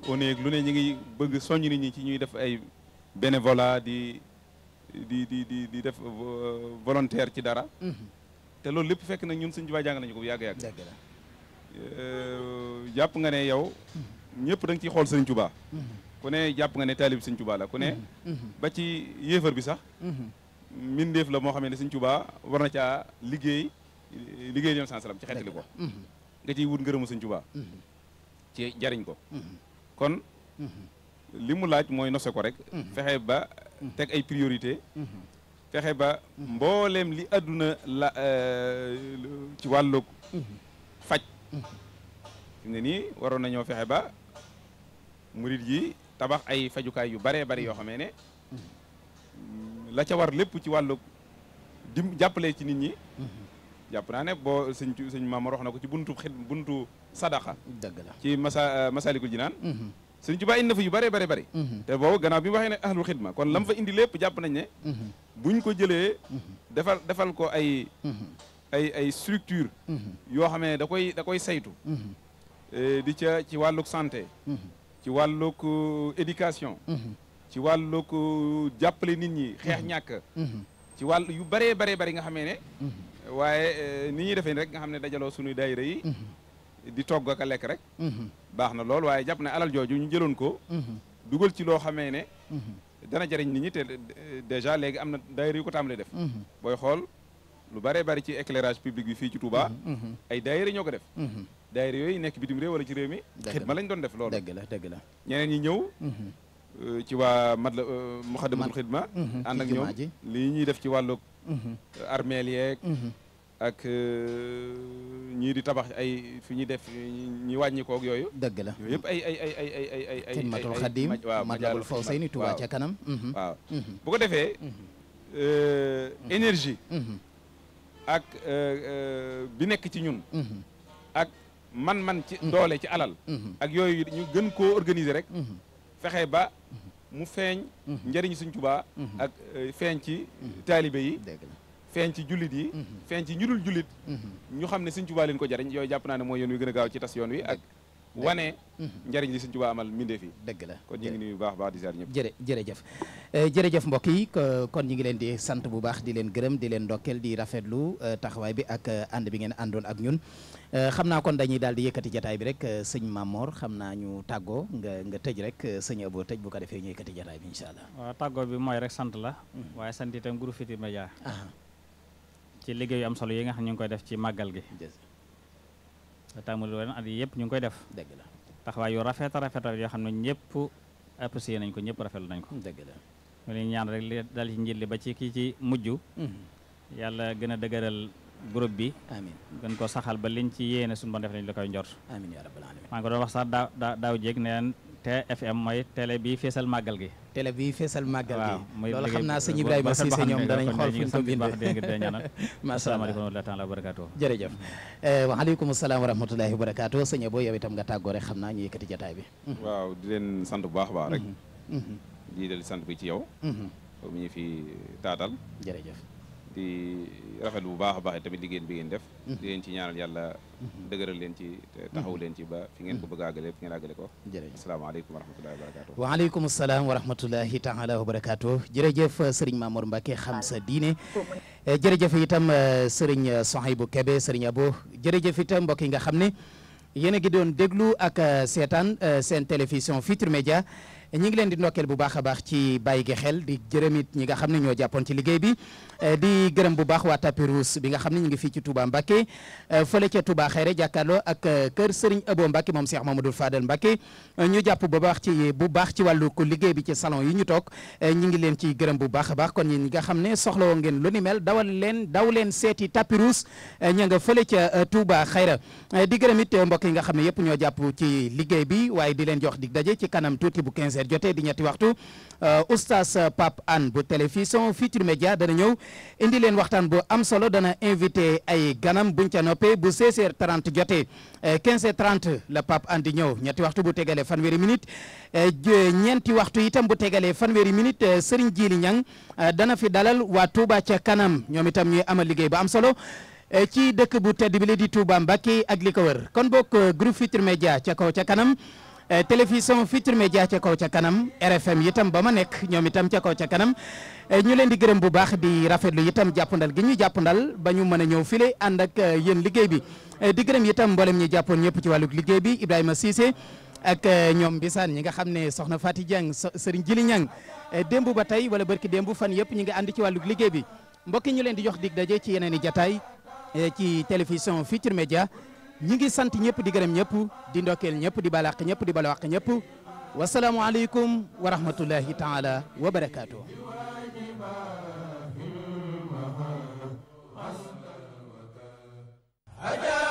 oneeg lu ne ñu ngi bëgg soññ ni ñi ci ñuy def ay bénévolat di di di di di def volontaire ci dara te loolu lépp fekk na ñun suñ jubaa jàng nañu ko yàgg-yàgg euh, jàpp nga ne yow ñëpp da nga ciy xool sëñ Tuubaa ku ne jàpp nga ne taalib sëñ Tuubaa la ku ne ba ci yéefar bi sax mm-hmm. mbindeef la moo xam ne sëñ Tuubaa war na caa liggéey liggéey ñoom sansalam ci xettali ko mhm. nga ciy wut ngërëmu sa Tuubaa mhm. ci jariñ ko mhm. kon li mu laaj mooy nose ko rek fexe ba teg ay priorité fexe ba mbooleem li àdduna la euh, ci wàllug faj fi mu ne nii waroon nañoo fexe ba murit yi tabax ay fajukaay yu baree bari yoo xamee ne la ca war lépp ci wàllug dim jàppale ci nit ñi jàpp naa ne boo sëñ sëñ Maamor na ko ci buntu xit buntu sadaqa dëgg la ci masa euh, masalikul jinaan mhm. sëñ Tuubaa indi na fa yu bare bare bare mhm. te boobu gannaaw bi mu waxee ne ahlul xidma kon lam fa indi lépp jàpp nañ ne mhm. buñ ko jëlee defal ko ay ay ay structure yoo xam ne da koy saytu euh, di ca ci wàlluk santé ci wàlluk euh, éducation ci wàlluk jàppale nit ñi xeex ñàkk ci wàllu yu bare bare bare nga xamee ne waaye eh, ni ñuy defee rek nga xam ne dajaloo suñuy daayira yi mhm. di togg ak a lekk rek mhm. baax na lool waaye jàpp ne alal jooju ñu jëloon ko mhm. dugal ci loo xamee ne dana jariñ nit ñi te eh, dèjà léegi am na daayira yu ko tàmbalee def booy xool lu bëree bëri ci éclairage public bi fii ci Touba ay daayira ñoo ko def daayira yooyu nekk bitim réew wala ci réew mi xidma lañ doon def loolu dëgg la la ñeneen ñi ñëw euh, ci waa mat la euh, muxaddamatul xidma ànd ak ñoom li ñuy def ci wàllu Mm-hmm. armeel yeeg mm-hmm. ak euh, ñii di tabax ay fi ñuy def ñi wàññi koog yooyu. dëgg la yooyu yëpp ay ay ay ay ay ay ay. Xidmatul Xadim waaw Matlabul Fawzayni Tuubaa ca kanam. Mm-hmm. waaw bu ko defee. Euh, énergie. ak euh, bi nekk ci ñun. ak man-man ci doole ci alal. ak yooyu ñu gën koo organiser rek. fexe ba. mu feeñ mhm. njariñ Sëñ Tuubaa mhm. ak euh, feeñ ci mhm. taalibe yi feeñ ci jullit yi feeñ ci ñu dul jullit ñu xam ne Sëñ Tuubaa leen ko jariñ yooyu jàpp naa ne mooy yoon wi gën a gaaw ci tas yoon wi ak wane njëriñ li Sëñ Tuubaa amal mbindeef yi dëgg la kon ñu ngi nuyu bu baax baax di ñëpp jërë jërëjëf euh, jërëjëf mbokk yi kon ñu ngi leen di sant bu baax di leen gërëm di leen ndokkeel di rafetlu euh, taxawaay bi ak ànd bi ngeen àndoon ak ñun Euh, xam naa kon dañuy daal di yëkkati jataay bi rek euh, sëñ Mamor xam naa ñu tàggoo nga nga tëj rek euh, sëñ Abo tëj bu ko defee ñu yëkkati jataay bi incha allah. waaw tàggoo bi mooy rek sant la. Hmm. waaye sant itam groupe Futurs Médias. ci liggéey am solo yi nga xam ñu ngi koy def ci màggal gi. tàmbali woon at yi yëpp ñu ngi koy def. dëgg la yu rafeta rafet yoo xam ne ñëpp apprécié nañ ko ñëpp rafetlu nañ ko. dëgg la ñu ñaan rek dal ci njiit li ba ci kii ci mujj. Hmm. yàlla gën a dëgëral. groupe bi amiin gën ko saxal ba liñ ci yéene suñu bon def lañ la koy njort amiin yaa rabbal aalamiin maa ngi ko doon wax sax daaw daaw daaw jéeg ne leen TFM mooy télé bi feesal màggal gi télé bi feesal màggal gi loolu xam naa sëñ Ibrahima Cissé ñoom danañ xool fu ñu ko bindee asalaamaaleykum wa rahmatulah wa barakaatu jërëjëf eh, waaleykum salaam wa rahmatullahi wa barakaatu sëñ boo yow itam nga tàggoo rek xam naa ñu yëkkati jataay bi hmm. waaw di leen sant bu baax baax rek hmm. Hmm. di leen sant bi ci yaw comme ñu fi taatal jërëjëf di rafet bu baax a baax tamit liggéey bi ngeen def mhm. di leen ci ñaanal yàlla dëgëral leen ci mhm. taxaw leen ci ba fi ngeen ko mhm. bëgg a àggale fi ngeen àggale ko jërëjëf asalaamaaleykum wa rahmatullahi wa barakatuh waaleykum asalaam wa rahmatullahi taala wa barakatuh jërëjëf euh, sëriñ Mamour Mbacke xam sa diine euh, jërëjëf itam euh, sëriñ Sohaybou Kebe sëriñ Abo jërëjëf itam mbokk yi nga xam ne yéen a ngi doon déglu ak seetaan seen télévision Futurs Médias ñi ngi leen di ndokkeel bu baax a baax ci bàyyi gi xel di gërëm it xam ne ñoo jàppoon ci liggéey bi eh, di gërëm bu baax waa Tapirous bi nga xam ne ñu ngi fii ci Touba Mbacké eh, fële ca Touba Xayre jàkkaarloo ak eh, kër Serigne Abo mbaki moom Cheikh Mamadou Fadel Mbacké ñu jàpp bu baax ci bu baax ci wàllu ko liggéey bi ci salon yi ñu toog ñi ngi leen ci gërëm bubaax baax a baax kon ñi nga xam ne soxla woo ngeen lu ni mel dawal leen daw leen seeti Tapirous ña nga fële ca Touba Xayre di gërëm it mbokk yi nga xam ne yëpp ñoo jàpp ci liggéey bi waaye di leen jox dig daje ci kanam tuuti bu 15 fajar jotee di ñetti waxtu euh, oustaz Pape an bu télévision Futurs média dana ñëw indi leen waxtaan bu am solo dana invité ay ganam buñ ca noppee bu 16h30 jotee 15h30 euh, la Pape Anne di ñëw ñetti waxtu bu tegalee fanweeri minute euh, ñeenti waxtu itam bu tegalee fanweeri minute Serigne Djili Niang dana fi dalal waa Touba ca kanam ñoom itam ñuy amal liggéey ba am solo. ci dëkk bu tedd bi la di Touba Mbacké ak li ko wër kon bokk groupe Futurs Médias ca kaw ca kanam Eh, télévision Futurs Médias ca kaw ca kanam RFM itam ba ma nekk ñoom itam ca kaw ca kanam eh, ñu leen di gërëm bu baax di rafetlu itam jàppandal gi ñu jàppandal ba ñu mën a ñëw file ànd ak eh, yéen liggéey bi di yitam itam mboolem ñi jàppoon ñëpp ci wàllug liggéey bi Ibrahima Cissé ak ñoom bisaan ñi nga xam ne soxna Fati Dieng Serigne Jili Ñang démb ba tey wala barki démb fan yëpp ñi nga ànd ci wàllug liggéey bi mbokki ñu leen di jox dig daje ci yeneen i jataay ci télévision Futurs média ñi ngi sant ñëpp di gërëm ñëpp di ndokkeel ñëpp di balaq ñëpp di balaq ñëpp wasalaamualeykum wa rahmatullahi taala wa barakaatu. Aja